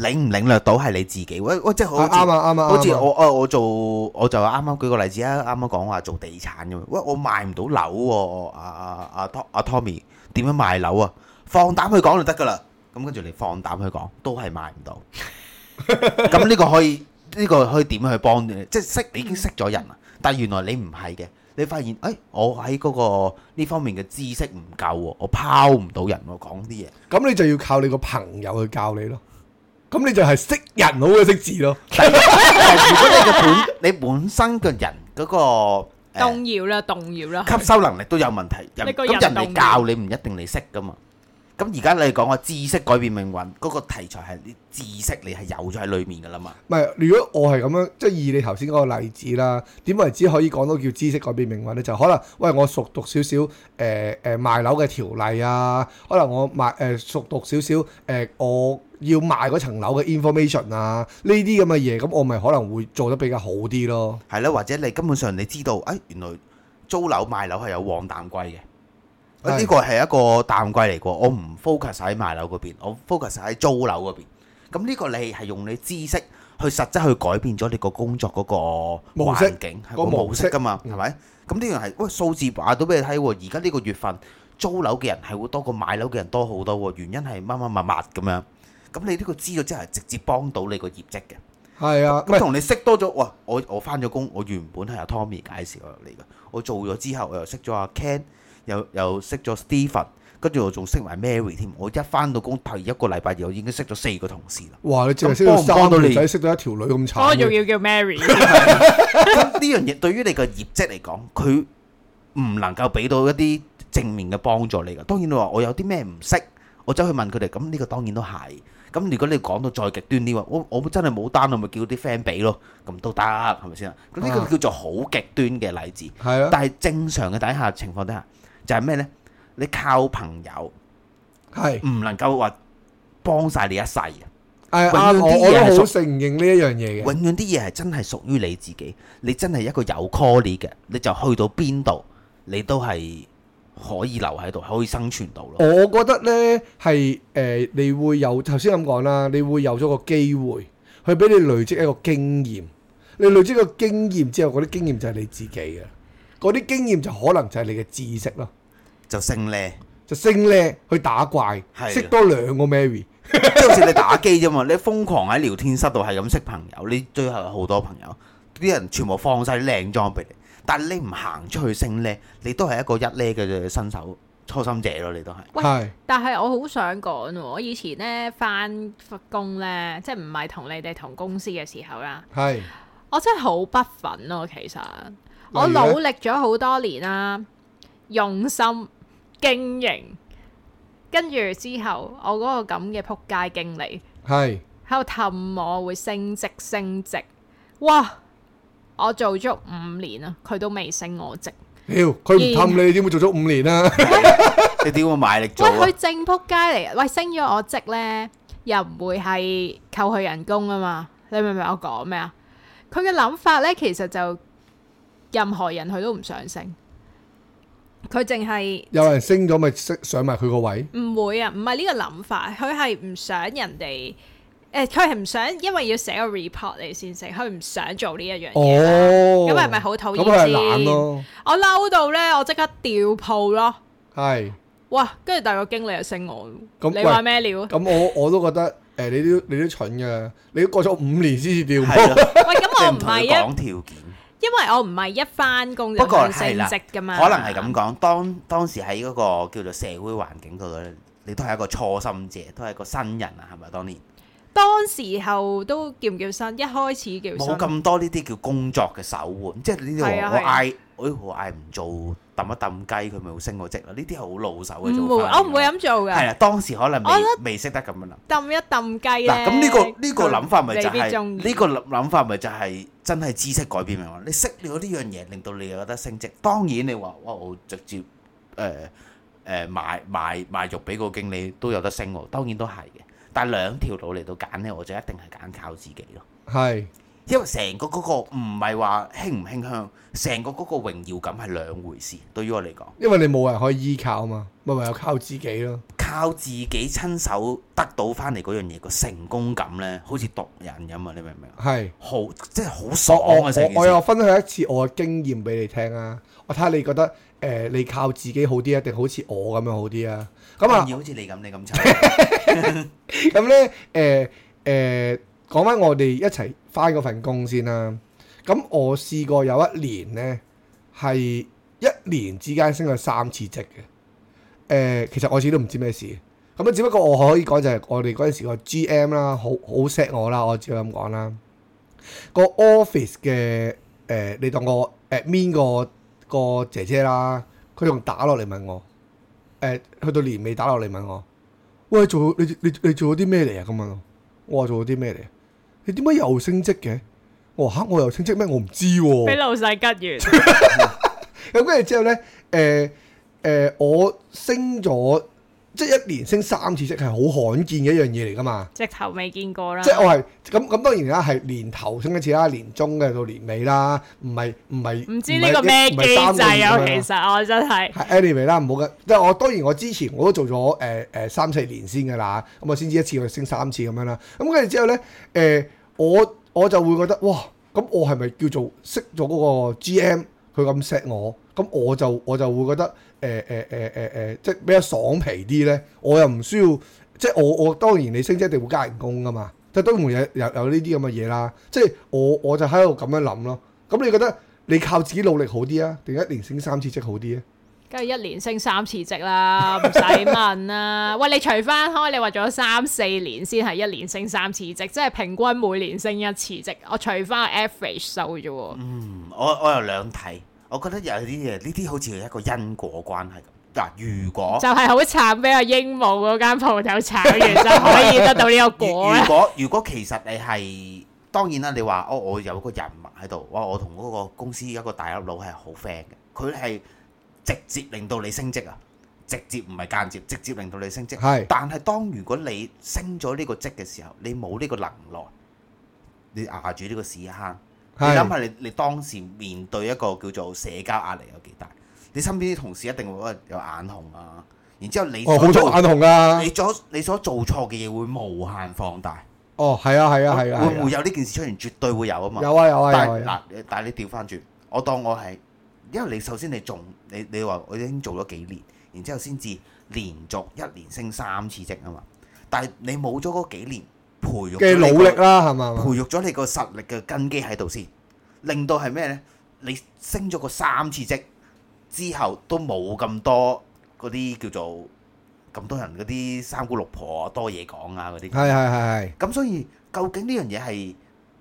領唔領略到係你自己？喂喂，即係好啱啊啱啊！好似我啊，我做我就啱啱舉個例子啊，啱啱講話做地產嘅，喂我賣唔到樓喎，阿阿阿 Tommy 點樣賣樓啊？放膽去講就得噶啦！咁跟住你放膽去講，都係賣唔到。咁呢個可以呢個可以點樣去幫你？即係識你已經識咗人，但係原來你唔係嘅，你發現誒我喺嗰個呢方面嘅知識唔夠，我拋唔到人講啲嘢。咁你就要靠你個朋友去教你咯。咁你就係識人好過識字咯。 如果你嘅本你本身個人嗰、那個動搖啦，動搖啦，吸收能力都有問題。咁人哋教你唔一定你識噶嘛。咁而家你講個知識改變命運嗰、那個題材係你知識你係有咗喺裏面噶啦嘛。唔係，如果我係咁樣，即係以你頭先嗰個例子啦，點為之可以講到叫知識改變命運咧？就是、可能喂我熟讀少少誒誒、呃、賣樓嘅條例啊，可能我賣誒、呃、熟讀少少誒、呃呃啊、我。呃要賣嗰層樓嘅 information 啊，呢啲咁嘅嘢，咁我咪可能會做得比較好啲咯。係咯，或者你根本上你知道，哎，原來租樓賣樓係有旺淡季嘅。呢個係一個淡季嚟個，我唔 focus 喺賣樓嗰邊，我 focus 喺租樓嗰邊。咁呢個你係用你知識去實質去改變咗你個工作嗰個環境，模式個模式噶嘛，係咪、嗯？咁呢樣係，喂，數、哎、字話到俾你睇，而家呢個月份租樓嘅人係會多過買樓嘅人多好多，原因係乜乜乜乜咁樣。咁你呢個知道之後，係直接幫到你個業績嘅。係啊，咁同你識多咗，喂哇！我我翻咗工，我原本係由 Tommy 介紹我入嚟嘅，我做咗之後，我又識咗阿 Ken，又又識咗 Stephen 跟住我仲識埋 Mary 添。我一翻到工，第一個禮拜又已經識咗四個同事啦。哇！你淨係識到三條女咁慘，我仲要叫 Mary。呢 樣嘢對於你個業績嚟講，佢唔能夠俾到一啲正面嘅幫助你噶。當然你話我有啲咩唔識，我走去問佢哋，咁呢個當然都係。咁如果你講到再極端啲話，我我真係冇單啦，咪叫啲 friend 俾咯，咁都得，係咪先？咁呢個叫做好極端嘅例子。係啊。但係正常嘅底下情況底下，就係、是、咩呢？你靠朋友係唔是能夠話幫晒你一世嘅。係啊的，我都好承認呢一樣嘢嘅。永遠啲嘢係真係屬於你自己，你真係一個有 call 嘅，你就去到邊度，你都係。可以留喺度，可以生存到咯。我覺得呢係誒、呃，你會有頭先咁講啦，你會有咗個機會去俾你累積一個經驗。你累積個經驗之後，嗰啲經驗就係你自己嘅。嗰啲經驗就可能就係你嘅知識咯，就升 level，就升 level 去打怪，的識多兩個 Mary 即係好似你打機啫嘛。你瘋狂喺聊天室度係咁識朋友，你最後好多朋友，啲人全部放晒靚裝俾你。但係你唔行出去升呢，你都係一個一呢嘅新手初心者咯，你都係。係是。但係我好想講，我以前呢返份工呢，即係唔係同你哋同公司嘅時候啦。係。是 我真係好不忿咯、啊，其實我努力咗好多年啦、啊，用心經營，跟住之後我嗰個咁嘅撲街經理，係喺度氹我，我會升職升職，哇！我做足五年啦，佢都未升我職。妖，佢唔氹你點會做足五年啊？你點會賣力做？喂，佢正扑街嚟，喂升咗我職呢，又唔會係扣佢人工啊嘛？你明唔明我講咩啊？佢嘅諗法呢，其實就任何人佢都唔想升，佢淨係有人升咗咪升上埋佢個位？唔會啊，唔係呢個諗法，佢係唔想人哋。誒，佢係唔想，因為要寫個 report 嚟，先食，佢唔想做呢一樣嘢，咁係咪好討厭先？我嬲到咧，我即刻調鋪咯。係，哇！跟住但個經理又升我，咁我，你話咩料？咁我我都覺得，誒，你都你都蠢嘅，你都過咗五年先至調鋪。喂，咁我唔係講條件，因為我唔係一翻工就升職噶嘛。可能係咁講，當當時喺嗰個叫做社會環境度咧，你都係一個初心者，都係一個新人啊，係咪當年？當時候都叫唔叫新？一開始叫冇咁多呢啲叫工作嘅手腕。即係呢啲我嗌、啊啊哎，我嗌唔做抌一抌雞，佢咪好升我職啦？呢啲係好老手嘅做法。唔會，我唔會咁做嘅。係啦，當時可能未未識得咁樣啦。抌一抌雞咧。嗱、啊，咁呢、呢個呢、呢個諗法咪就係、是、呢、嗯、個諗諗法咪就係真係知識改變命運。你識咗呢樣嘢，令到你有得升職。當然你話哇，我直接誒誒賣賣賣肉俾個經理都有得升，當然都係嘅。係兩條路嚟到揀呢，我就一定係揀靠自己咯。係是，因為成個嗰個唔係話輕唔輕鬆，成個嗰個榮耀感係兩回事。對於我嚟講，因為你冇人可以依靠啊嘛，咪唯有靠自己咯。靠自己親手得到翻嚟嗰樣嘢個成功感呢，好似毒癮咁啊！你明唔明是啊？係，好，即係好爽啊！我我我又分享一次我嘅經驗俾你聽啊！我睇下你覺得誒，你靠自己好啲啊，定好似我咁樣好啲啊？咁啊，好似你咁，你咁慘。咁咧誒誒，講翻我哋一齊翻嗰份工先啦。咁我試過有一年咧，係一年之間升咗三次職嘅。誒，其實我自己都唔知咩事。咁啊，只不過我可以講就係我哋嗰陣時個 GM 啦，好好錫我啦，我只可以咁講啦。個 office 嘅誒，你當我 admin 個。個姐姐啦，佢用打落嚟，問我，誒、欸，去到年尾打落嚟，問我，喂，做你你你做咗啲咩嚟啊？咁問我，我話做咗啲咩嚟？你點解又升職嘅？我話吓，我又升職咩？我唔知喎，啊。俾老細吉完，啊，咁跟住之後咧，誒、呃、誒、呃，我升咗。即係一年升三次，即係好罕見嘅一樣嘢嚟噶嘛，直頭未見過啦。即係我係咁咁，當然啦，係年頭升一次啦，年中嘅到年尾啦，唔係唔係唔知呢個咩機制啊，其實我真係 anyway 啦，唔好嘅。即係我當然我之前我都做咗誒誒三四年先噶啦，咁我先知一次佢升三次咁樣啦。咁跟住之後咧，誒、呃、我我就會覺得哇，咁我係咪叫做識咗嗰個 GM 佢咁錫我？咁我就我就會覺得誒誒誒誒誒，即係比較爽皮啲咧。我又唔需要，即係我我當然你升職一定會加人工噶嘛，但係都唔會有有呢啲咁嘅嘢啦。即係我我就喺度咁樣諗咯。咁你覺得你靠自己努力好啲啊，定一年升三次職好啲啊？梗係一年升三次職啦，唔使問啦。 喂，你除翻開你話咗三四年先係一年升三次職，即係平均每年升一次職。我除翻 average 收啫喎。嗯，我我有兩睇。我覺得有啲嘢，呢啲好似係一個因果關係。嗱，如果就係好慘，俾阿鸚鵡嗰間鋪頭炒完 就可以得到呢個果。 如果如果其實你係當然啦，你話哦，我有個人物喺度，哇，我同嗰個公司一個大佬係好 friend 嘅，佢係直接令到你升職啊，直接唔係間接，直接令到你升職。是的 但係當如果你升咗呢個職嘅時候，你冇呢個能耐，你牙住呢個屎坑。你諗下，你你當時面對一個叫做社交壓力有幾大？你身邊啲同事一定會有眼紅啊！然之後你，好、哦、眼紅噶、啊，你所你所做錯嘅嘢會無限放大。哦，係啊，係啊，係啊，啊啊會唔會有呢件事出現？絕對會有啊嘛！有啊，有啊。但係、啊啊、你調翻轉，我當我係，因為你首先你仲你你話我已經做咗幾年，然之後先至連續一年升三次職啊嘛。但係你冇咗嗰幾年。培育嘅努力啦，係嘛？培育咗你個實力嘅根基喺度先，令到係咩呢？你升咗個三次職之後都冇咁多嗰啲叫做咁多人嗰啲三姑六婆多嘢講啊嗰啲。係係係。咁所以究竟呢樣嘢係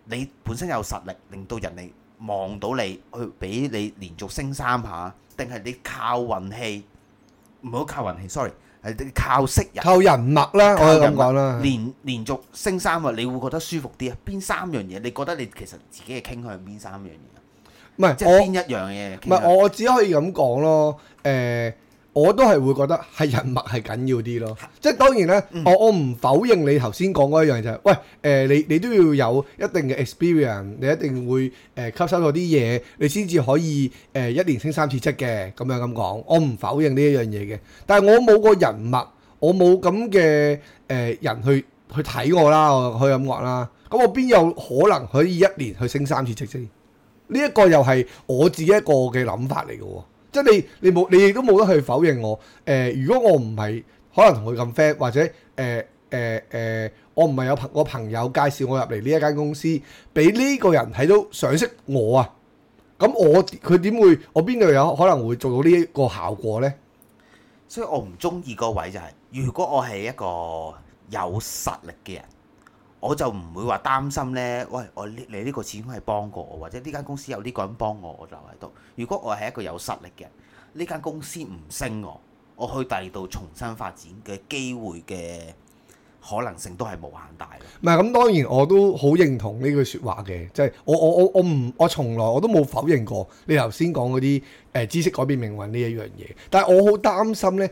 你本身有實力，令到人哋望到你去俾你連續升三下，定係你靠運氣？唔好靠運氣，sorry。係靠識人，靠人脈啦，我可以咁講啦連。連連續升三日，你會覺得舒服啲啊？邊三樣嘢你覺得你其實自己嘅傾向係邊三樣嘢啊？唔係我邊一樣嘢？唔係我我只可以咁講咯，誒、呃。我都係會覺得係人脈係緊要啲咯，即係當然咧、嗯哦，我我唔否認你頭先講嗰一樣就係、是，喂誒、呃、你你都要有一定嘅 experience，你一定會誒、呃、吸收到啲嘢，你先至可以誒、呃、一年升三次職嘅，咁樣咁講，我唔否認呢一樣嘢嘅，但係我冇個人脈，我冇咁嘅誒人去去睇我啦，去我咁講啦，咁我邊有可能可以一年去升三次職先？呢、這、一個又係我自己一個嘅諗法嚟嘅喎。即係你，你冇，你亦都冇得去否認我。誒、呃、如果我唔係可能同佢咁 friend，或者誒誒誒我唔係有朋我朋友介紹我入嚟呢一間公司，俾呢個人睇到賞識我啊，咁我佢點會我邊度有可能會做到呢一個效果咧？所以我唔中意個位就係、是、如果我係一個有實力嘅人。我就唔會話擔心呢。喂，我你你呢個始終係幫過我，或者呢間公司有呢個人幫我，我就喺度。如果我係一個有實力嘅，呢間公司唔升我，我去第二度重新發展嘅機會嘅可能性都係無限大嘅。唔係咁，當然我都好認同呢句説話嘅，即係我我我我唔，我從來我都冇否認過你頭先講嗰啲誒知識改變命運呢一樣嘢。但係我好擔心呢，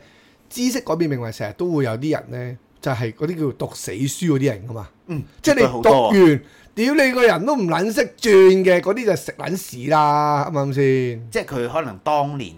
知識改變命運成日都會有啲人呢。就係嗰啲叫做讀死書嗰啲人噶嘛，嗯，即係你讀完，屌你個人都唔撚識轉嘅，嗰啲就食撚屎啦，啱唔啱先？即係佢可能當年，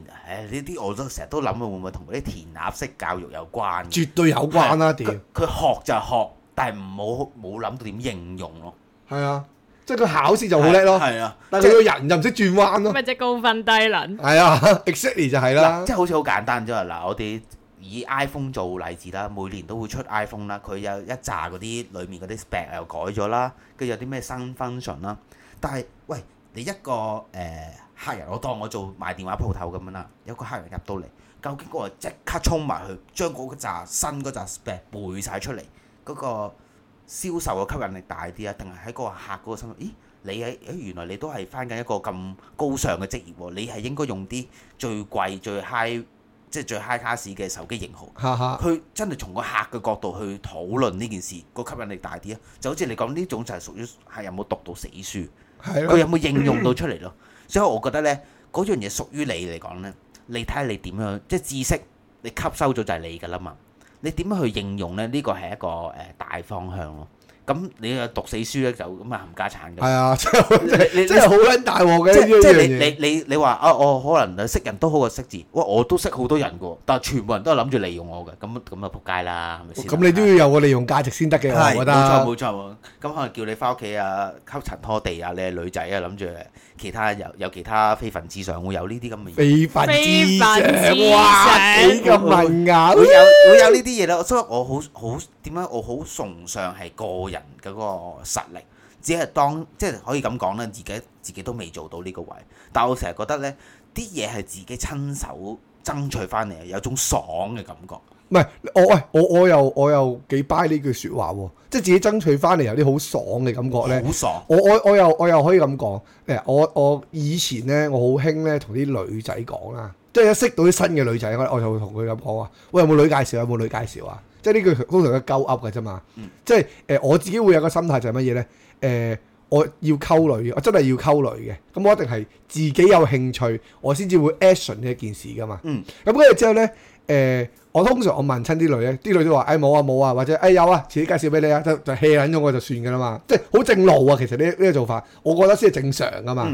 誒呢啲我都成日都諗，會唔會同嗰啲填鴨式教育有關？絕對有關啦！屌佢學就學，但係唔好冇諗到點應用咯。係啊，即係佢考試就好叻咯。係啊，但係佢個人又唔識轉彎咯。咪即高分低能。係啊，exactly 就係啦，啦。即係好似好簡單啫！嗱，嗰啲。我以 iPhone 做例子啦，每年都會出 iPhone 啦，佢有一紮嗰啲裏面嗰啲 spec 又改咗啦，跟住有啲咩新 function 啦。但係，喂，你一個誒、呃、客人，我當我做賣電話鋪頭咁樣啦，有個客人入到嚟，究竟嗰個即刻衝埋去將嗰扎新嗰扎 spec 背晒出嚟，嗰、嗰個銷售嘅吸引力大啲啊？定係喺嗰個客嗰個心？咦，你係原來你都係返緊一個咁高尚嘅職業喎，你係應該用啲最貴最 high 即係最 high 卡士嘅手機型號，佢 真係從個客嘅角度去討論呢件事，個吸引力大啲啊！就好似你講呢種就係屬於係有冇讀到死書，佢 有冇應用到出嚟咯？ 所以我覺得呢，嗰樣嘢屬於你嚟講呢，你睇下你點樣，即係知識你吸收咗就係你㗎啦嘛，你點樣去應用呢？呢個係一個誒大方向咯。咁你啊讀死書咧就咁啊冚家鏟嘅，係啊，真係好撚大鑊嘅即係你你你你話啊，我可能識人都好過識字，哇！我都識好多人嘅，但係全部人都係諗住利用我嘅，咁咁啊仆街啦，係咪先？咁你都要有個利用價值先得嘅，我覺得。冇錯冇錯，咁可能叫你翻屋企啊吸塵拖地啊，你係女仔啊諗住其他有有其他非分之想會有呢啲咁嘅非分之想哇！幾咁文雅，會有會有呢啲嘢咯，所以我好好。點解我好崇尚係個人嗰個實力？只係當即係可以咁講咧，自己自己都未做到呢個位。但係我成日覺得咧，啲嘢係自己親手爭取翻嚟，有種爽嘅感覺。唔係我喂我我又我又幾 buy 呢句説話喎、啊？即係自己爭取翻嚟有啲好爽嘅感覺咧。好爽！我我我又我又可以咁講誒？我我以前咧，我好興咧，同啲女仔講啦，即係一識到啲新嘅女仔，我就會同佢咁講啊。喂，有冇女介紹？有冇女介紹啊？即係呢句通常嘅鳩噏㗎啫嘛，即係誒我自己會有個心態就係乜嘢咧？誒、呃，我要溝女，我真係要溝女嘅。咁我一定係自己有興趣，我先至會 action 呢一件事噶嘛。咁跟住之後咧，誒、呃，我通常我問親啲女咧，啲女都話誒冇啊冇啊，或者誒、哎、有啊，遲啲介紹俾你啊，就就 hea 咗我就算噶啦嘛。即係好正路啊，其實呢呢、呢個做法，我覺得先係正常噶嘛。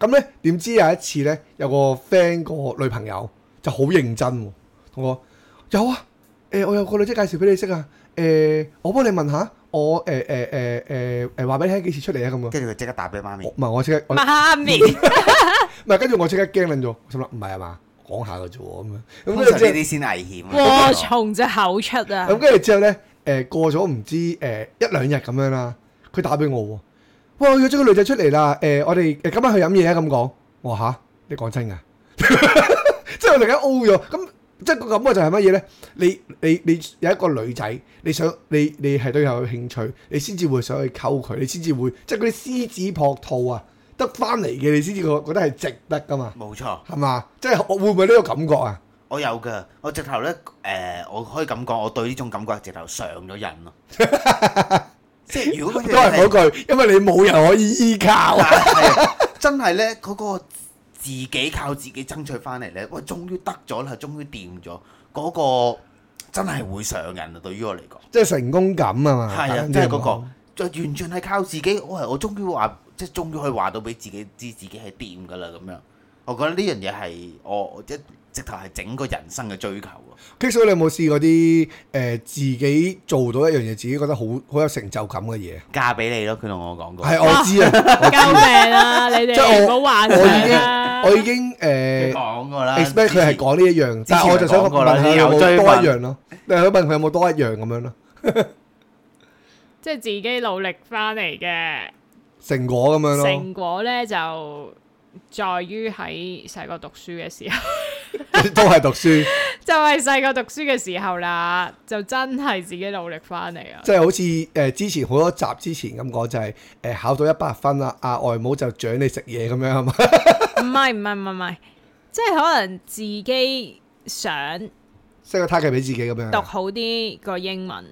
咁咧點知有一次咧有個 friend 個女朋友就好認真同我有啊。誒、欸，我有個女仔介紹俾你識啊！誒、欸，我幫你問下，我誒誒誒誒誒，話、欸、俾、欸欸欸，你聽幾時出嚟啊？咁啊，跟住佢即刻打俾媽咪，唔係我即刻媽咪，唔係跟住我即刻驚訓咗，心諗唔係啊嘛，講下嘅啫，咁樣咁呢啲先危險，禍從就口出啊！咁跟住之後咧，誒過咗唔知誒一兩日咁樣啦，佢打俾我，哇！約咗個女仔出嚟啦，誒、呃，我哋今晚去飲嘢啊！咁講，我吓你講清啊。即係我突然間 O 咗咁。即係個感覺就係乜嘢呢？你你你有一個女仔，你想你你係對佢有興趣，你先至會想去溝佢，你先至會即係嗰啲獅子搏兔啊，得返嚟嘅，你先至覺覺得係值得㗎嘛？冇錯，係嘛？即係我會唔會呢個感覺啊？我有㗎，我直頭呢誒，我可以咁講，我對呢種感覺直頭上咗癮咯。即係如果都係嗰句，因為你冇人可以依靠，真係呢嗰個。自己靠自己爭取翻嚟呢，哇！終於得咗啦，終於掂咗，嗰個真係會上癮啊！對於我嚟講，即係成功感啊嘛，係啊，即係嗰個就完全係靠自己。哇！我終於話，即係終於可以話到俾自己知，自己係掂㗎啦咁樣。我覺得呢樣嘢係，我即直頭係整個人生嘅追求。咁所以你有冇試過啲誒自己做到一樣嘢，自己覺得好好有成就感嘅嘢？嫁俾你咯，佢同我講過。係我知啊，救命啊！你哋唔好話晒啊！我已經誒講過啦，expect 佢係講呢一樣，但係我就想問佢有冇多一樣咯？你去問佢有冇多一樣咁樣咯？即係自己努力翻嚟嘅成果咁樣咯。成果咧就在於喺細個讀書嘅時候。 都係讀書， 就係細個讀書嘅時候啦，就真係自己努力翻嚟啊！即係好似誒、呃、之前好多集之前咁講，就係、是、誒、呃、考到一百分啦，阿、啊、外母就獎你食嘢咁樣係嘛？唔係唔係唔係唔係，即 係、就是、可能自己想 set 個 target 俾自己咁樣，讀好啲個英文，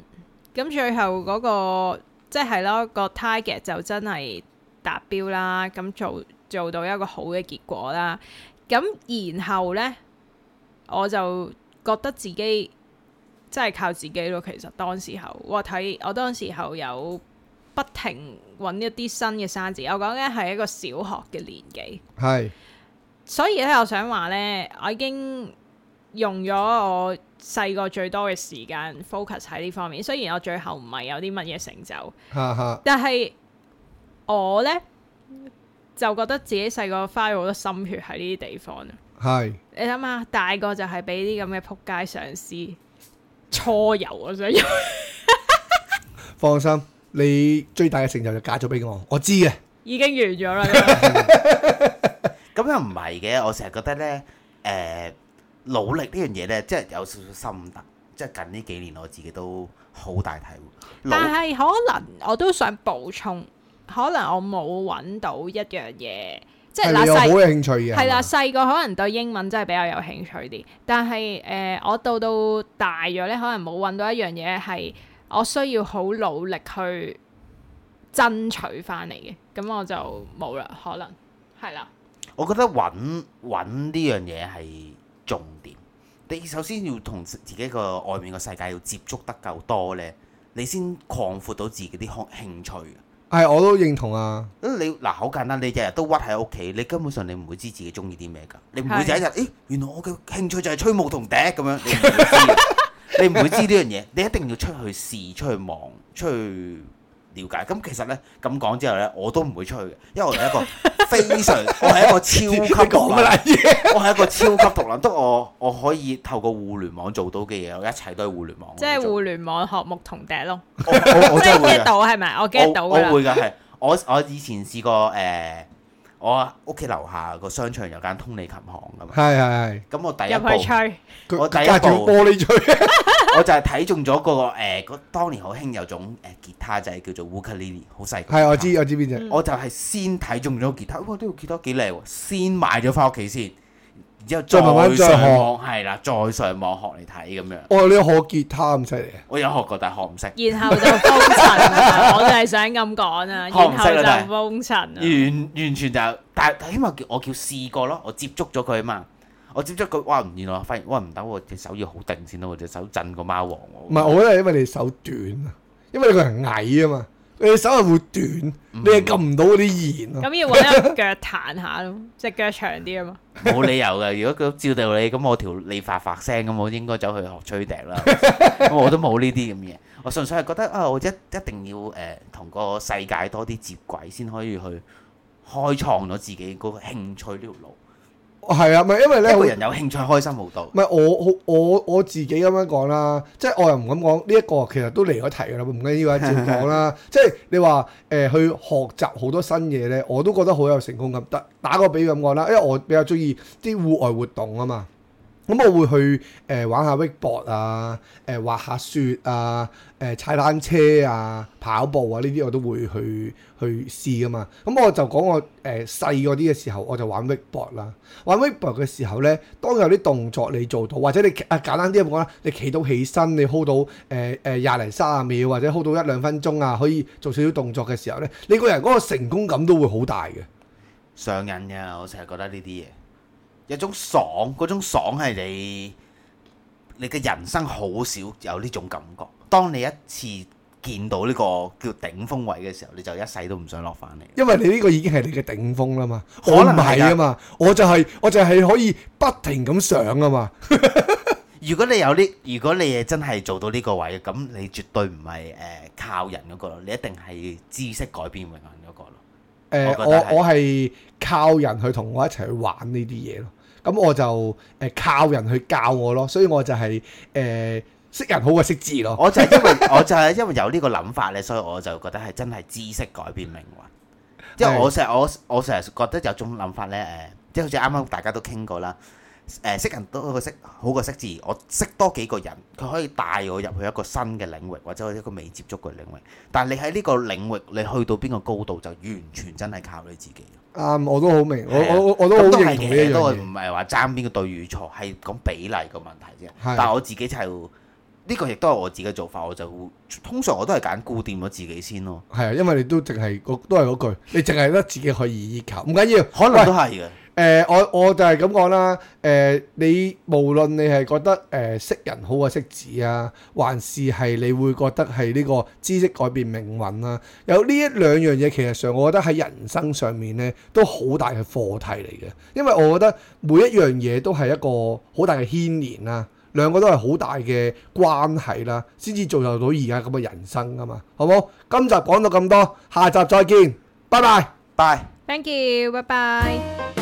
咁、嗯、最後嗰、那個即係咯個 target 就真係達標啦，咁做做到一個好嘅結果啦，咁然後呢。我就覺得自己真係靠自己咯。其實當時候，我睇我當時候有不停揾一啲新嘅生字。我講嘅係一個小學嘅年紀，係是。所以咧，我想話呢，我已經用咗我細個最多嘅時間 focus 喺呢方面。雖然我最後唔係有啲乜嘢成就， 但係我呢就覺得自己細個花咗好多心血喺呢啲地方。係是你諗下，大個就係俾啲咁嘅仆街上司搓油我想哈哈哈哈，放心，你最大嘅成就就嫁咗俾我。我知嘅，已經完咗啦。咁 又唔係嘅，我成日覺得咧，誒、呃，努力呢樣嘢咧，即係有少少心得，即係近呢幾年我自己都好大體會。但係可能我都想補充，可能我冇揾到一樣嘢。即係嗱，細個的吧可能對英文真係比較有興趣啲，但係誒、呃，我到到大咗呢，可能冇揾到一樣嘢係我需要好努力去爭取翻嚟嘅，咁我就冇啦，可能係啦。我覺得揾揾呢樣嘢係重點，你首先要同自己個外面個世界要接觸得夠多呢，你先擴闊到自己啲興興趣。係，我都認同啊！因你嗱好簡單，你日日都屈喺屋企，你根本上你唔會知自己中意啲咩噶，你唔會就一日，誒的、欸，原來我嘅興趣就係吹牧童笛咁樣，你唔會知， 你唔會知呢樣嘢，你一定要出去試，出去望，出去。瞭解，咁其實呢，咁講之後呢，我都唔會出去嘅，因為我係一個非常， 我係一個超級獨男，我係一個超級獨男，得 我我可以透過互聯網做到嘅嘢，我一切都係互聯網。即係互聯網學牧童笛咯，我係 get 到係咪？我 get 到我會㗎，係我我以前試過誒。呃我啊屋企樓下個商場有間通利琴行噶嘛，係係。咁 我第一步，入去吹，我第一個玻璃吹，啊， 我就係睇中咗嗰、嗰個誒、呃，當年好興有種誒吉他仔叫做烏克麗麗，好細個。係， 我知我知邊隻， 我就係先睇中咗吉他，哇！呢、呢個吉他幾靚喎，先買咗返屋企先。之後再慢慢再上網，係啦，再上網學嚟睇咁樣。哦，你學吉他咁犀利，我有學過，但係學唔識。然後就封塵，我就係想咁講啊，然後就封塵。完完全就，但係起碼叫我叫試過咯，我接觸咗佢啊嘛，我接觸佢哇，原來發現哇唔得喎，隻手要好定先咯，隻手震過貓王喎。唔係，我覺得係因為你手短啊，因為你個人矮啊嘛。你手係會短，你係撳唔到嗰啲弦咯、啊嗯。咁 要搵隻腳彈下咯，隻腳長啲啊嘛。冇理由噶，如果佢照到你，咁我條脷發發聲咁，我應該走去學吹笛啦。 我都冇呢啲咁嘢，我純粹係覺得啊，我一一定要誒同、呃、個世界多啲接軌，先可以去開創咗自己嗰個興趣呢條路。係啊，咪因為咧，一個人有興趣很開心無度。唔係不我我我我自己咁樣講啦， 即係我又唔敢講呢一個，其實都離咗題㗎啦。唔緊要啊，照講啦。 即係你話誒、呃、去學習好多新嘢咧，我都覺得好有成功感。打打個比喻咁講啦，因為我比較中意啲戶外活動啊嘛。咁、嗯、我會去誒、呃、玩下 wakeboard 啊，誒、呃、滑下雪啊，誒、呃、踩單車啊，跑步啊，呢啲我都會去去試㗎嘛。咁、嗯、我就講我誒細嗰啲嘅時候，我就玩 wakeboard 啦。玩 wakeboard 嘅時候呢，當有啲動作你做到，或者你啊簡單啲咁講啦，你企到起身，你 hold 到誒誒廿零三十秒，或者 hold 到一兩分鐘啊，可以做少少動作嘅時候呢，你個人嗰個成功感都會好大嘅，上癮嘅，我成日覺得呢啲嘢。有種爽，嗰種爽係你你嘅人生好少有呢種感覺。當你一次見到呢個叫頂峰位嘅時候，你就一世都唔想落翻嚟。因為你呢個已經係你嘅頂峰啦嘛，可能係啊嘛，我就係、是、我就係可以不停咁上啊嘛。 如果你有呢，如果你真係做到呢個位，咁你絕對唔係誒靠人嗰、嗰個咯，你一定係知識改變命運嗰個咯、呃。我我係靠人去同我一齊去玩呢啲嘢咯。咁我就誒、呃、靠人去教我咯，所以我就係、是、誒、呃、識人好過識字咯 我。我就係因為我就係因為有個呢個諗法咧，所以我就覺得係真係知識改變命運。即係我成我我成日覺得有種諗法咧誒，即係好似啱啱大家都傾過啦。誒識人都好過識好過識字，我識多幾個人，佢可以帶我入去一個新嘅領域，或者係一個未接觸嘅領域。但係你喺呢個領域，你去到邊個高度，就完全真係靠你自己。啱，我都好明，我我我都好認同呢一樣。都唔係話爭邊個對與錯，係講比例嘅問題啫。但係我自己就呢個亦都係我自己嘅做法。我就通常我都係揀固定我自己先咯。係啊，因為你都淨係都都係嗰句，你淨係得自己可以依靠，唔緊要，可能都係嘅。誒、呃，我我就係咁講啦。誒、呃，你無論你係覺得誒、呃、識人好過識字啊，還是係你會覺得係呢個知識改變命運啦、啊，有呢一兩樣嘢，其實上我覺得喺人生上面呢，都好大嘅課題嚟嘅。因為我覺得每一樣嘢都係一個好大嘅牽連啦、啊，兩個都係好大嘅關係啦、啊，先至造就到而家咁嘅人生噶嘛。好冇？今集講到咁多，下集再見，拜拜，拜。Thank you，拜拜。